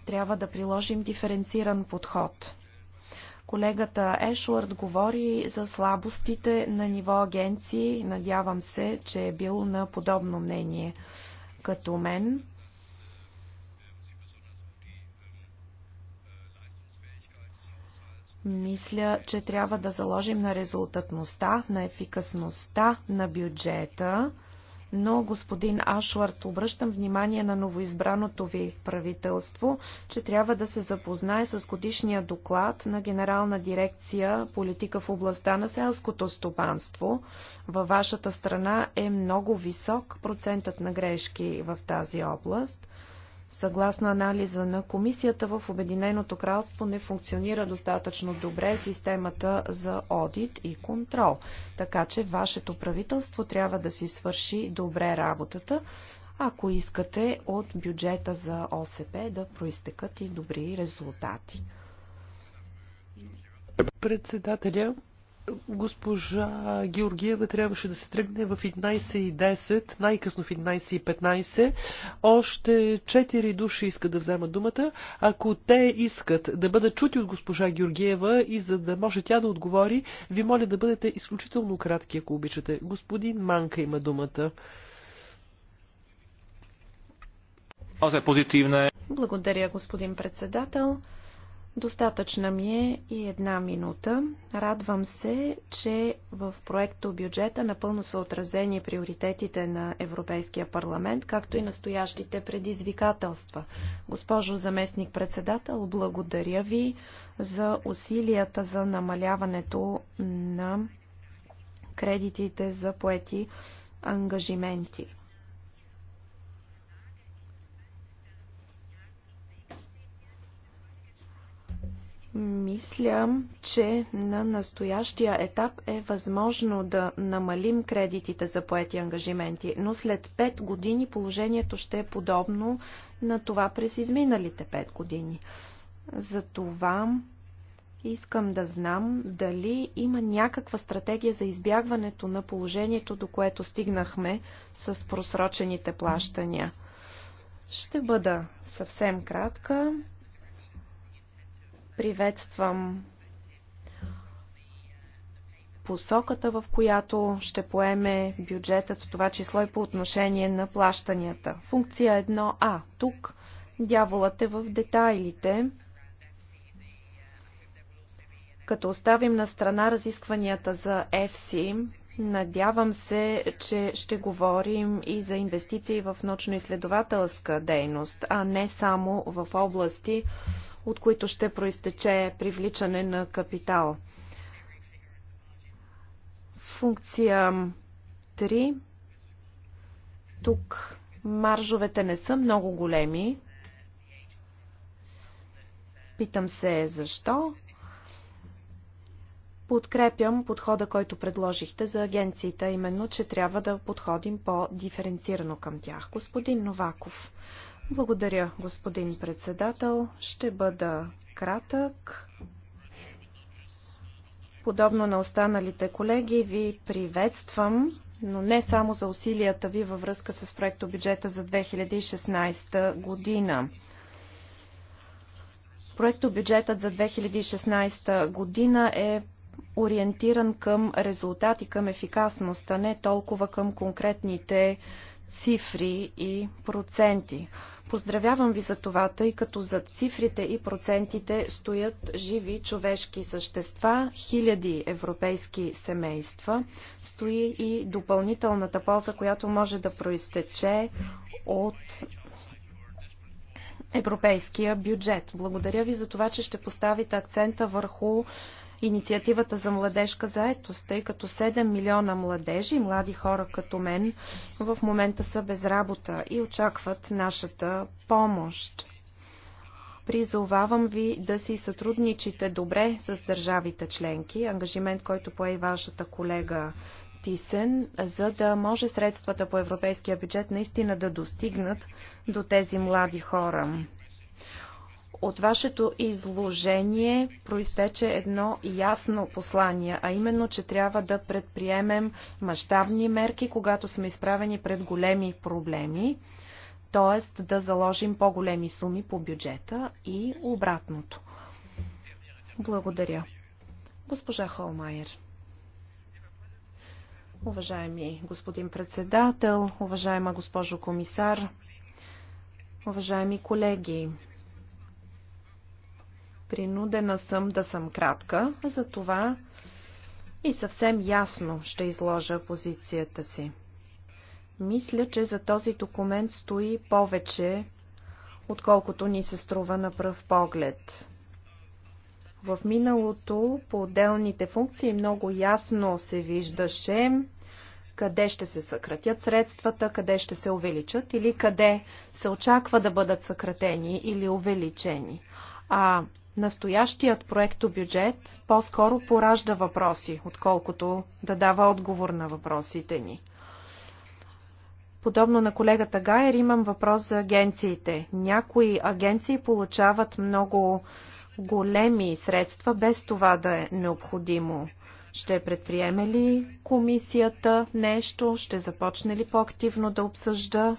Speaker 3: трябва да приложим диференциран подход. Колегата Ешуард говори за слабостите на ниво агенции. Надявам се, че е бил на подобно мнение като мен. Мисля, че трябва да заложим на резултатността, на ефикасността на бюджета. Но, господин Ашвард, обръщам внимание на новоизбраното ви правителство, че трябва да се запознае с годишния доклад на Генерална дирекция политика в областта на селското стопанство. Във вашата страна е много висок процентът на грешки в тази област. Съгласно анализа на комисията в Обединеното кралство не функционира достатъчно добре системата за одит и контрол. Така че вашето правителство трябва да си свърши добре работата, ако искате от бюджета за ОСП да проистекат и добри резултати.
Speaker 1: Председателя Госпожа Георгиева трябваше да се тръгне в 11.10, най-късно в 11.15. Още 4 души искат да вземат думата. Ако те искат да бъдат чути от госпожа Георгиева и за да може тя да отговори, ви моля да бъдете изключително кратки, ако обичате. Господин Манка има думата. Е.
Speaker 3: Благодаря, господин председател. Достатъчна ми е и една минута. Радвам се, че в проекто бюджета напълно са отразени приоритетите на Европейския парламент, както и настоящите предизвикателства. Госпожо заместник председател, благодаря ви за усилията за намаляването на кредитите за поети ангажименти. Мисля, че на настоящия етап е възможно да намалим кредитите за поети ангажименти, но след 5 години положението ще е подобно на това през изминалите 5 години. Затова искам да знам дали има някаква стратегия за избягването на положението, до което стигнахме с просрочените плащания. Ще бъда съвсем кратка. Приветствам посоката, в която ще поеме бюджетът, в това число и по отношение на плащанията. Функция 1А. Тук дяволът е в детайлите. Като оставим на страна разискванията за EFSI, надявам се, че ще говорим и за инвестиции в научно-изследователска дейност, а не само в области, от които ще проистече привличане на капитал. Функция 3. Тук маржовете не са много големи. Питам се защо. Подкрепям подхода, който предложихте за агенциите, именно, че трябва да подходим по-диференцирано към тях. Господин Новаков, благодаря, господин председател. Ще бъда кратък. Подобно на останалите колеги, ви приветствам, но не само за усилията ви във връзка с проекто бюджета за 2016 година. Проекто бюджетът за 2016 година е ориентиран към резултати, към ефикасност, а не толкова към конкретните цифри и проценти. Поздравявам ви за това, тъй като зад цифрите и процентите стоят живи човешки същества, хиляди европейски семейства, стои и допълнителната полза, която може да проистече от европейския бюджет. Благодаря ви за това, че ще поставите акцента върху инициативата за младежка заетост, тъй като 7 милиона младежи и млади хора като мен в момента са без работа и очакват нашата помощ. Призовавам ви да си сътрудничите добре с държавите членки, ангажимент, който пое и вашата колега Тисен, за да може средствата по европейския бюджет наистина да достигнат до тези млади хора. От вашето изложение проистече едно ясно послание, а именно, че трябва да предприемем мащабни мерки, когато сме изправени пред големи проблеми, т.е. да заложим по-големи суми по бюджета и обратното. Благодаря. Госпожа Холмайер. Уважаеми господин председател, уважаема госпожо комисар, уважаеми колеги, Принудена съм да съм кратка, затова и съвсем ясно ще изложа позицията си. Мисля, че за този документ стои повече, отколкото ни се струва на пръв поглед. В миналото по отделните функции много ясно се виждаше къде ще се съкратят средствата, къде ще се увеличат или къде се очаква да бъдат съкратени или увеличени. А Настоящият бюджет по-скоро поражда въпроси, отколкото да дава отговор на въпросите ни. Подобно на колегата Гайер, имам въпрос за агенциите. Някои агенции получават много големи средства, без това да е необходимо. Ще предприеме ли комисията нещо? Ще започне ли по-активно да обсъжда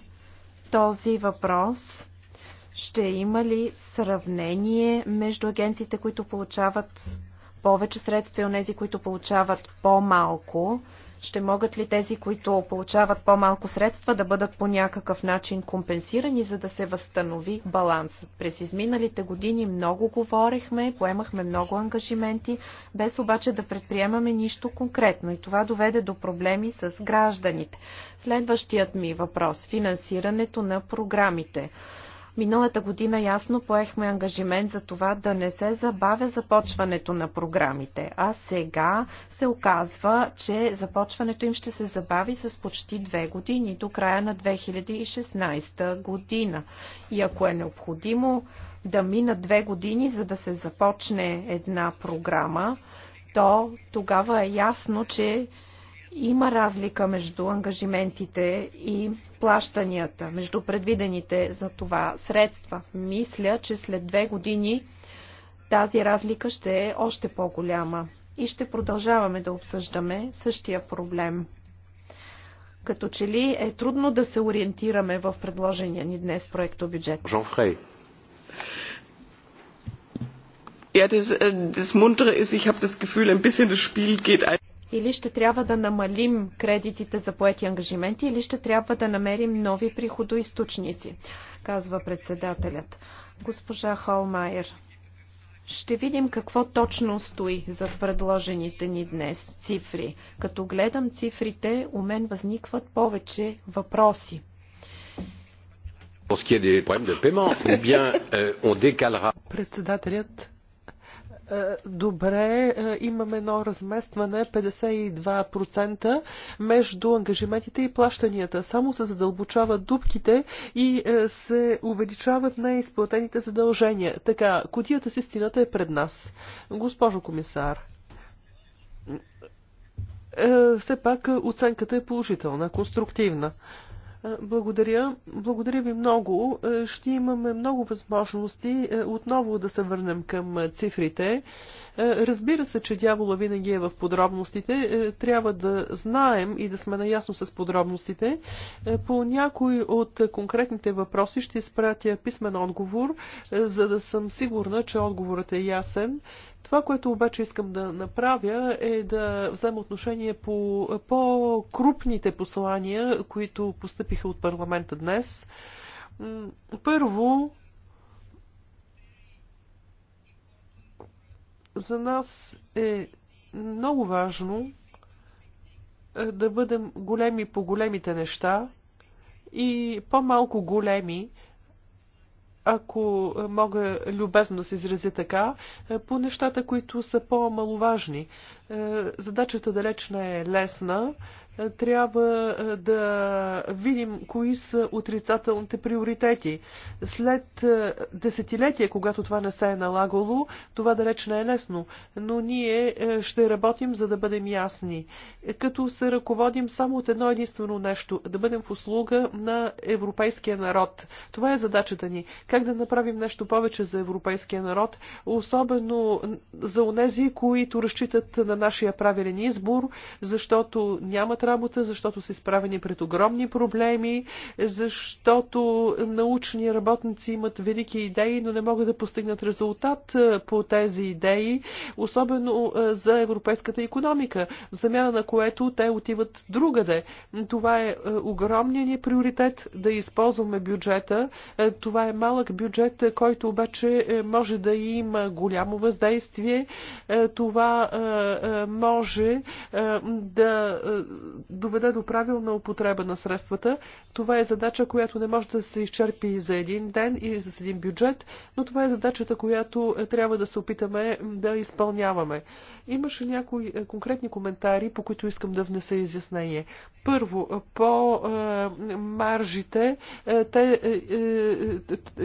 Speaker 3: този въпрос? Ще има ли сравнение между агенциите, които получават повече средства и онези, които получават по-малко? Ще могат ли тези, които получават по-малко средства, да бъдат по някакъв начин компенсирани, за да се възстанови баланс? През изминалите години много говорехме, поемахме много ангажименти, без обаче да предприемаме нищо конкретно. И това доведе до проблеми с гражданите. Следващият ми въпрос – финансирането на програмите. Миналата година ясно поехме ангажимент за това да не се забавя започването на програмите, а сега се оказва, че започването им ще се забави с почти две години до края на 2016 година. И ако е необходимо да минат две години, за да се започне една програма, то тогава е ясно, че има разлика между ангажиментите и плащанията, между предвидените за това средства. Мисля, че след две години тази разлика ще е още по-голяма и ще продължаваме да обсъждаме същия проблем. Като че ли е трудно да се ориентираме в предложения ни днес проекто бюджет. Жан Фрей. Ja, das, äh,
Speaker 2: das Muntere ist, ich habe das Gefühl, ein bisschen das Spiel geht ein.
Speaker 3: Или ще трябва да намалим кредитите за поети ангажименти, или ще трябва да намерим нови приходоисточници, казва председателят. Госпожа Холмайер. Ще видим какво точно стои за предложените ни днес цифри. Като гледам цифрите, у мен възникват повече въпроси.
Speaker 1: Euh, председателят е, добре, е, имаме едно разместване 52% между ангажиментите и плащанията. Само се задълбочават дубките и е, се увеличават на изплатените задължения. Така, котията с истината е пред нас. Госпожо комисар, все пак оценката е положителна, конструктивна. Благодаря. Благодаря ви много. Ще имаме много възможности отново да се върнем към цифрите. Разбира се, че дявола винаги е в подробностите. Трябва да знаем и да сме наясно с подробностите. По някои от конкретните въпроси ще изпратя писмен отговор, за да съм сигурна, че отговорът е ясен. Това, което обаче искам да направя е да взема отношение по по-крупните послания, които постъпиха от парламента днес. Първо, за нас е много важно е, да бъдем големи по големите неща и по-малко големи ако мога любезно да се изрази така, е, по нещата, които са по-маловажни. Е, задачата далеч не е лесна трябва е, да видим кои са отрицателните приоритети. След е, десетилетия, когато това не се е налагало, това далеч не е лесно, но ние е, ще работим, за да бъдем ясни, като се ръководим само от едно единствено нещо – да бъдем в услуга на европейския народ. Това е задачата ни. Как да направим нещо повече за европейския народ, особено за онези, които разчитат на нашия правилен избор, защото нямат работа, защото са изправени пред огромни проблеми, защото научни работници имат велики идеи, но не могат да постигнат резултат е, по тези идеи, особено е, за европейската економика, в замяна на което те отиват другаде. Това е, е огромният ни приоритет да използваме бюджета. Това е малък бюджет, който обаче може да има голямо въздействие. Това може да доведе до правилна употреба на средствата. Това е задача, която не може да се изчерпи за един ден или за един бюджет, но това е задачата, която е, трябва да се опитаме да изпълняваме. Имаше някои е, конкретни коментари, по които искам да внеса изяснение. Първо, е, по маржите, те,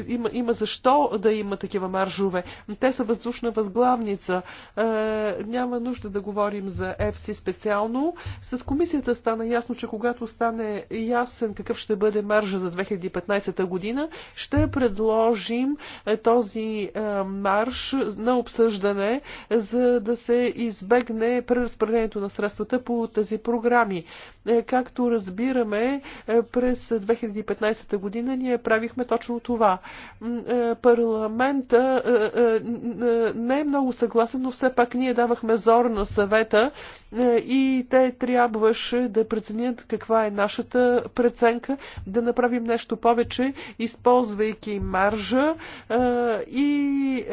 Speaker 1: има, има защо да има такива маржове. Те са въздушна възглавница. Няма нужда да говорим за ЕФСИ специално. С комисията кризата стана ясно, че когато стане ясен какъв ще бъде маржа за 2015 година, ще предложим е, този е, марш на обсъждане, е, за да се избегне преразпределението на средствата по тези програми. Както разбираме, през 2015 година ние правихме точно това. Парламента не е много съгласен, но все пак ние давахме зор на съвета и те трябваше трябваше да преценят каква е нашата преценка, да направим нещо повече, използвайки маржа и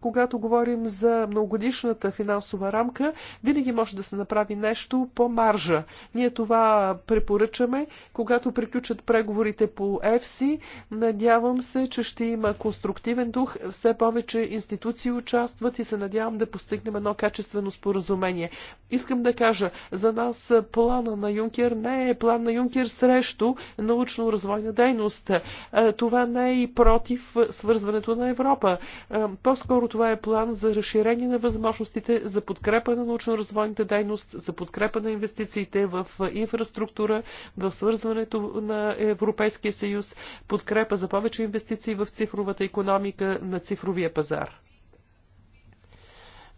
Speaker 1: когато говорим за многогодишната финансова рамка, винаги може да се направи нещо по маржа. Ние това препоръчаме. Когато приключат преговорите по ЕФСИ, надявам се, че ще има конструктивен дух. Все повече институции участват и се надявам да постигнем едно качествено споразумение. Искам да кажа, за нас плана на Юнкер не е план на Юнкер срещу научно-развойна дейност. Е, това не е и против свързването на Европа е, по-скоро това е план за разширение на възможностите за подкрепа на научно-развойната дейност, за подкрепа на инвестициите в инфраструктура, в свързването на Европейския съюз, подкрепа за повече инвестиции в цифровата економика на цифровия пазар.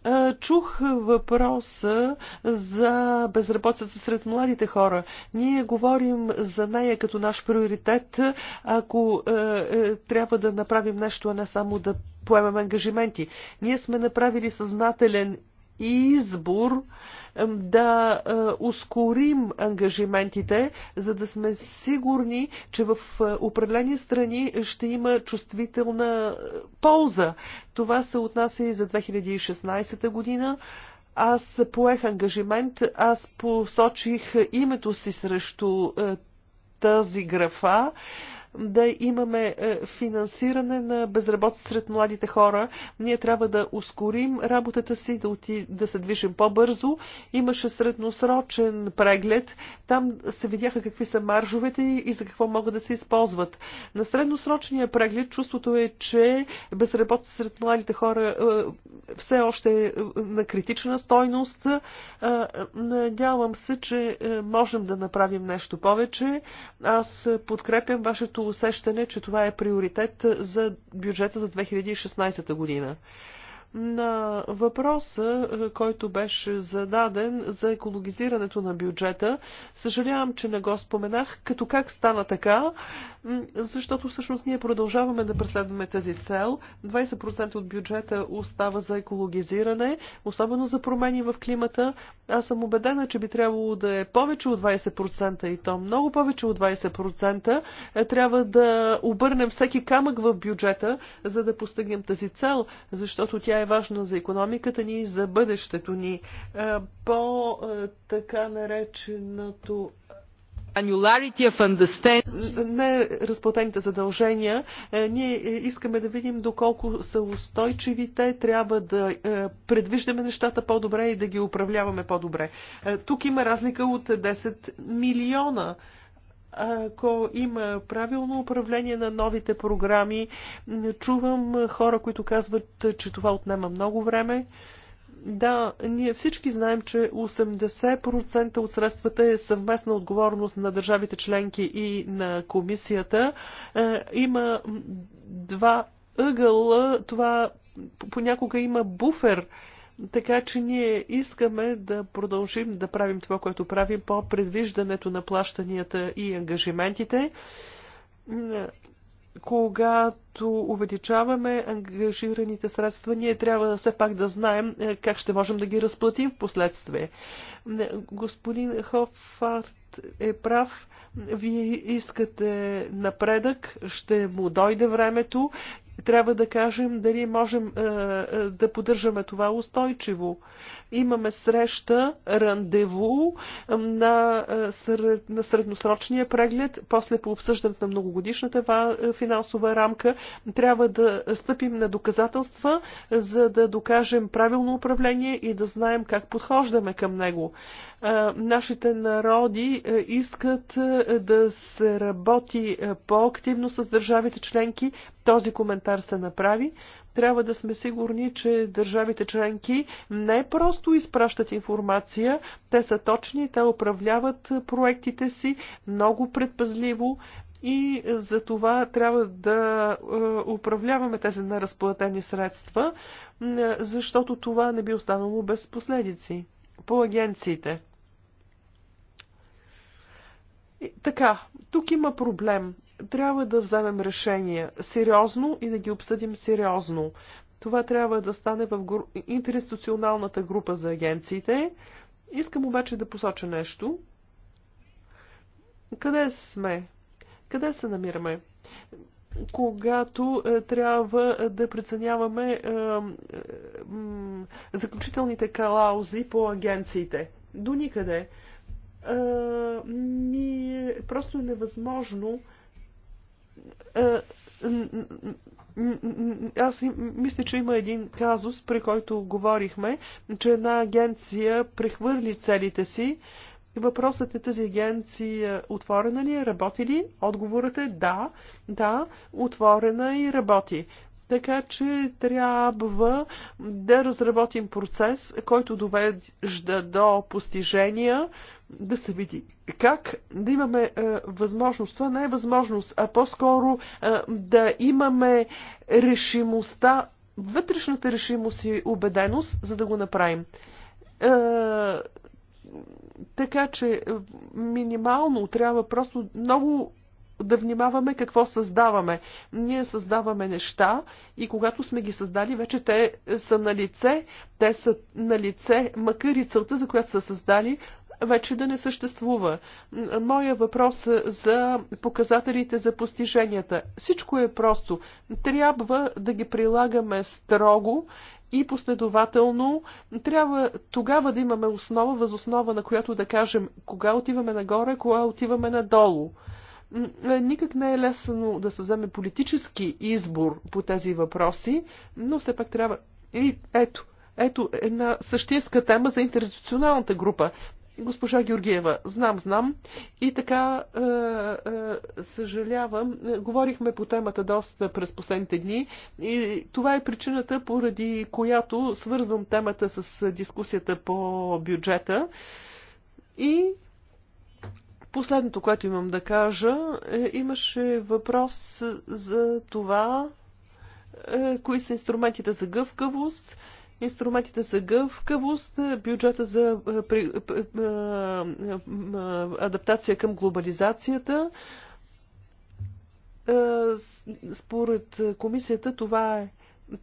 Speaker 1: Е, чух въпроса за безработицата сред младите хора. Ние говорим за нея като наш приоритет, ако е, е, трябва да направим нещо, а не само да поемем ангажименти. Ние сме направили съзнателен избор да е, ускорим ангажиментите, за да сме сигурни, че в е, определени страни ще има чувствителна е, полза. Това се отнася и за 2016 година. Аз поех ангажимент, аз посочих името си срещу тази графа да имаме е, финансиране на безработица сред младите хора. Ние трябва да ускорим работата си, да, оти, да се движим по-бързо. Имаше средносрочен преглед. Там се видяха какви са маржовете и за какво могат да се използват. На средносрочния преглед чувството е, че безработица сред младите хора е, все още е на критична стойност. Е, надявам се, че можем да направим нещо повече. Аз подкрепям вашето усещане, че това е приоритет за бюджета за 2016 година на въпроса, е, който беше зададен за екологизирането на бюджета. Съжалявам, че не го споменах, като как стана така, защото всъщност ние продължаваме да преследваме тази цел. 20% от бюджета остава за екологизиране, особено за промени в климата. Аз съм убедена, че би трябвало да е повече от 20% и то много повече от 20%. Е, трябва да обърнем всеки камък в бюджета, за да постигнем тази цел, защото тя е е важно за економиката ни и за бъдещето ни. По така нареченото Annularity of understanding. Не разплатените задължения. Ние е, искаме да видим доколко са устойчивите. Трябва да е, предвиждаме нещата по-добре и да ги управляваме по-добре. Тук има разлика от 10 милиона ако има правилно управление на новите програми. Чувам хора, които казват, че това отнема много време. Да, ние всички знаем, че 80% от средствата е съвместна отговорност на държавите членки и на комисията. Е, има два ъгъла, това понякога има буфер така че ние искаме да продължим да правим това, което правим по предвиждането на плащанията и ангажиментите. Когато увеличаваме ангажираните средства, ние трябва все пак да знаем е, как ще можем да ги разплатим в последствие. Господин Хофарт е прав. Вие искате напредък, ще му дойде времето трябва да кажем дали можем е, е, да поддържаме това устойчиво имаме среща, рандеву на, сред, на средносрочния преглед, после по обсъждането на многогодишната финансова рамка. Трябва да стъпим на доказателства, за да докажем правилно управление и да знаем как подхождаме към него. Нашите народи искат да се работи по-активно с държавите членки. Този коментар се направи трябва да сме сигурни, че държавите членки не просто изпращат информация, те са точни, те управляват проектите си много предпазливо и за това трябва да е, управляваме тези неразплатени средства, е, защото това не би останало без последици по агенциите. така, тук има проблем. Трябва да вземем решения сериозно и да ги обсъдим сериозно. Това трябва да стане в интерституционалната група за агенциите. Искам обаче да посоча нещо. Къде сме? Къде се намираме? когато е, трябва е, да преценяваме е, е, заключителните калаузи по агенциите. До никъде. Ми е просто е невъзможно е, аз мисля, че има един казус, при който говорихме, че една агенция прехвърли целите си. Въпросът е тази агенция отворена ли е, работи ли? Отговорът е да, да, отворена и работи. Така че трябва да разработим процес, който довежда до постижения, да се види как да имаме е, възможност. Това не е възможност, а по-скоро е, да имаме решимостта, вътрешната решимост и убеденост, за да го направим. Е, така че е, минимално трябва просто много да внимаваме какво създаваме. Ние създаваме неща и когато сме ги създали, вече те са на лице, те са на лице, макар и целта, за която са създали, вече да не съществува. Моя въпрос за показателите за постиженията. Всичко е просто. Трябва да ги прилагаме строго и последователно. Трябва тогава да имаме основа, възоснова на която да кажем кога отиваме нагоре, кога отиваме надолу. Е, никак не е лесно да се вземе политически избор по тези въпроси, но все пак трябва. И ето, ето една същинска тема за интернационалната група. Госпожа Георгиева, знам, знам. И така, е, е, съжалявам, говорихме по темата доста през последните дни и това е причината, поради която свързвам темата с дискусията по бюджета. И Последното, което имам да кажа, е, имаше въпрос за това, е, кои са инструментите за гъвкавост. Инструментите за гъвкавост, е, бюджета за е, при, е, е, адаптация към глобализацията. Според комисията това е,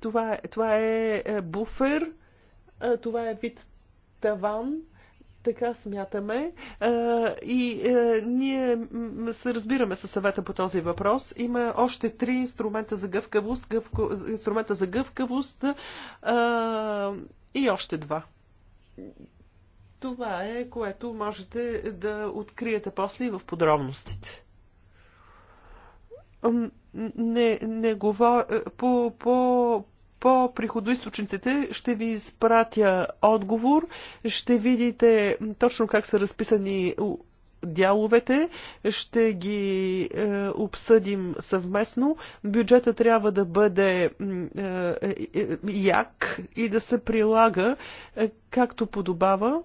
Speaker 1: това е, това е буфер, това е вид таван така смятаме. И е, ние се разбираме със съвета по този въпрос. Има още три инструмента за гъвкавост, гъвко, инструмента за гъвкавост и още два. Това е, което можете да откриете после в подробностите не, не говор... по, по, по приходоисточниците ще ви изпратя отговор. Ще видите точно как са разписани дяловете, ще ги е, обсъдим съвместно. Бюджета трябва да бъде е, е, е, як и да се прилага е, както подобава.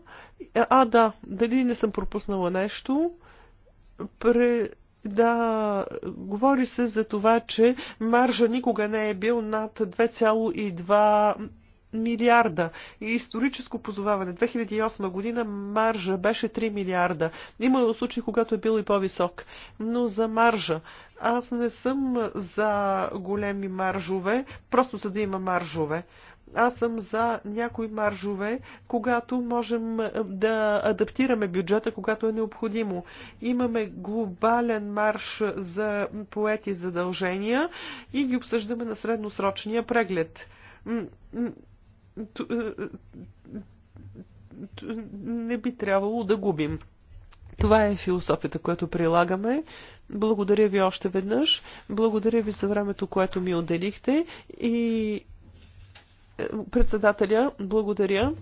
Speaker 1: А, да, дали не съм пропуснала нещо? Пре да, говори се за това, че маржа никога не е бил над 2,2 милиарда. И историческо позоваване. 2008 година маржа беше 3 милиарда. Имало случаи, когато е бил и по-висок. Но за маржа. Аз не съм за големи маржове, просто за да има маржове аз съм за някои маржове, когато можем е, да адаптираме бюджета, когато е необходимо. Имаме глобален марш за поети задължения и ги обсъждаме на средносрочния преглед е, е, не би трябвало да губим. Това е философията, която прилагаме. Благодаря ви още веднъж. Благодаря ви за времето, което ми отделихте и Председателя, благодаря.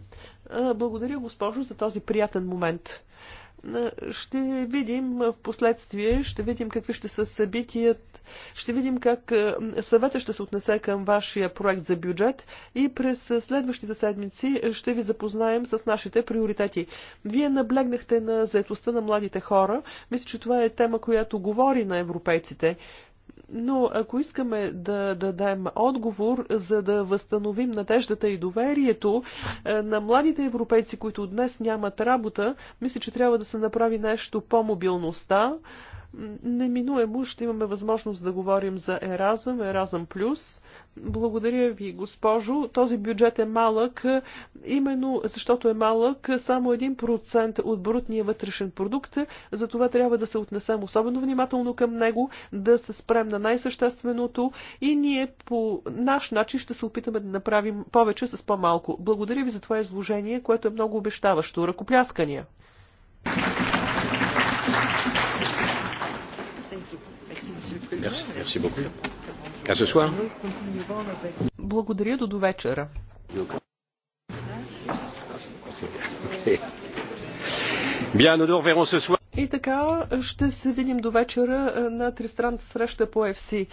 Speaker 1: Благодаря, госпожо, за този приятен момент. Ще видим в последствие, ще видим какви ще са събитият, ще видим как съвета ще се отнесе към вашия проект за бюджет и през следващите седмици ще ви запознаем с нашите приоритети. Вие наблегнахте на заетостта на младите хора. Мисля, че това е тема, която говори на европейците. Но ако искаме да дадем отговор, за да възстановим надеждата и доверието е, на младите европейци, които днес нямат работа, мисля, че трябва да се направи нещо по мобилността. Неминуемо ще имаме възможност да говорим за Еразъм, Еразъм Плюс. Благодаря ви, госпожо. Този бюджет е малък. Именно защото е малък, само 1% от брутния вътрешен продукт. Затова трябва да се отнесем особено внимателно към него, да се спрем на най-същественото и ние по наш начин ще се опитаме да направим повече с по-малко. Благодаря ви за това изложение, което е много обещаващо. Ръкопляскания! Thank
Speaker 3: you. Merci, beaucoup. À ce soir.
Speaker 1: Благодаря до довечера.
Speaker 3: Bien, nous nous reverrons ce
Speaker 1: soir. И така ще се видим до вечера е, на тристранната среща по FC.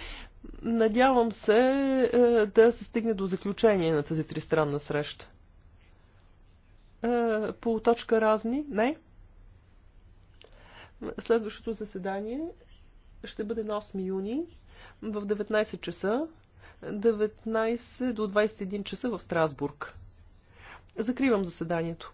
Speaker 1: Надявам се е, да се стигне до заключение на тази тристранна среща. Е, по точка разни? Не? Следващото заседание ще бъде на 8 юни в 19 часа, 19 до 21 часа в Страсбург. Закривам заседанието.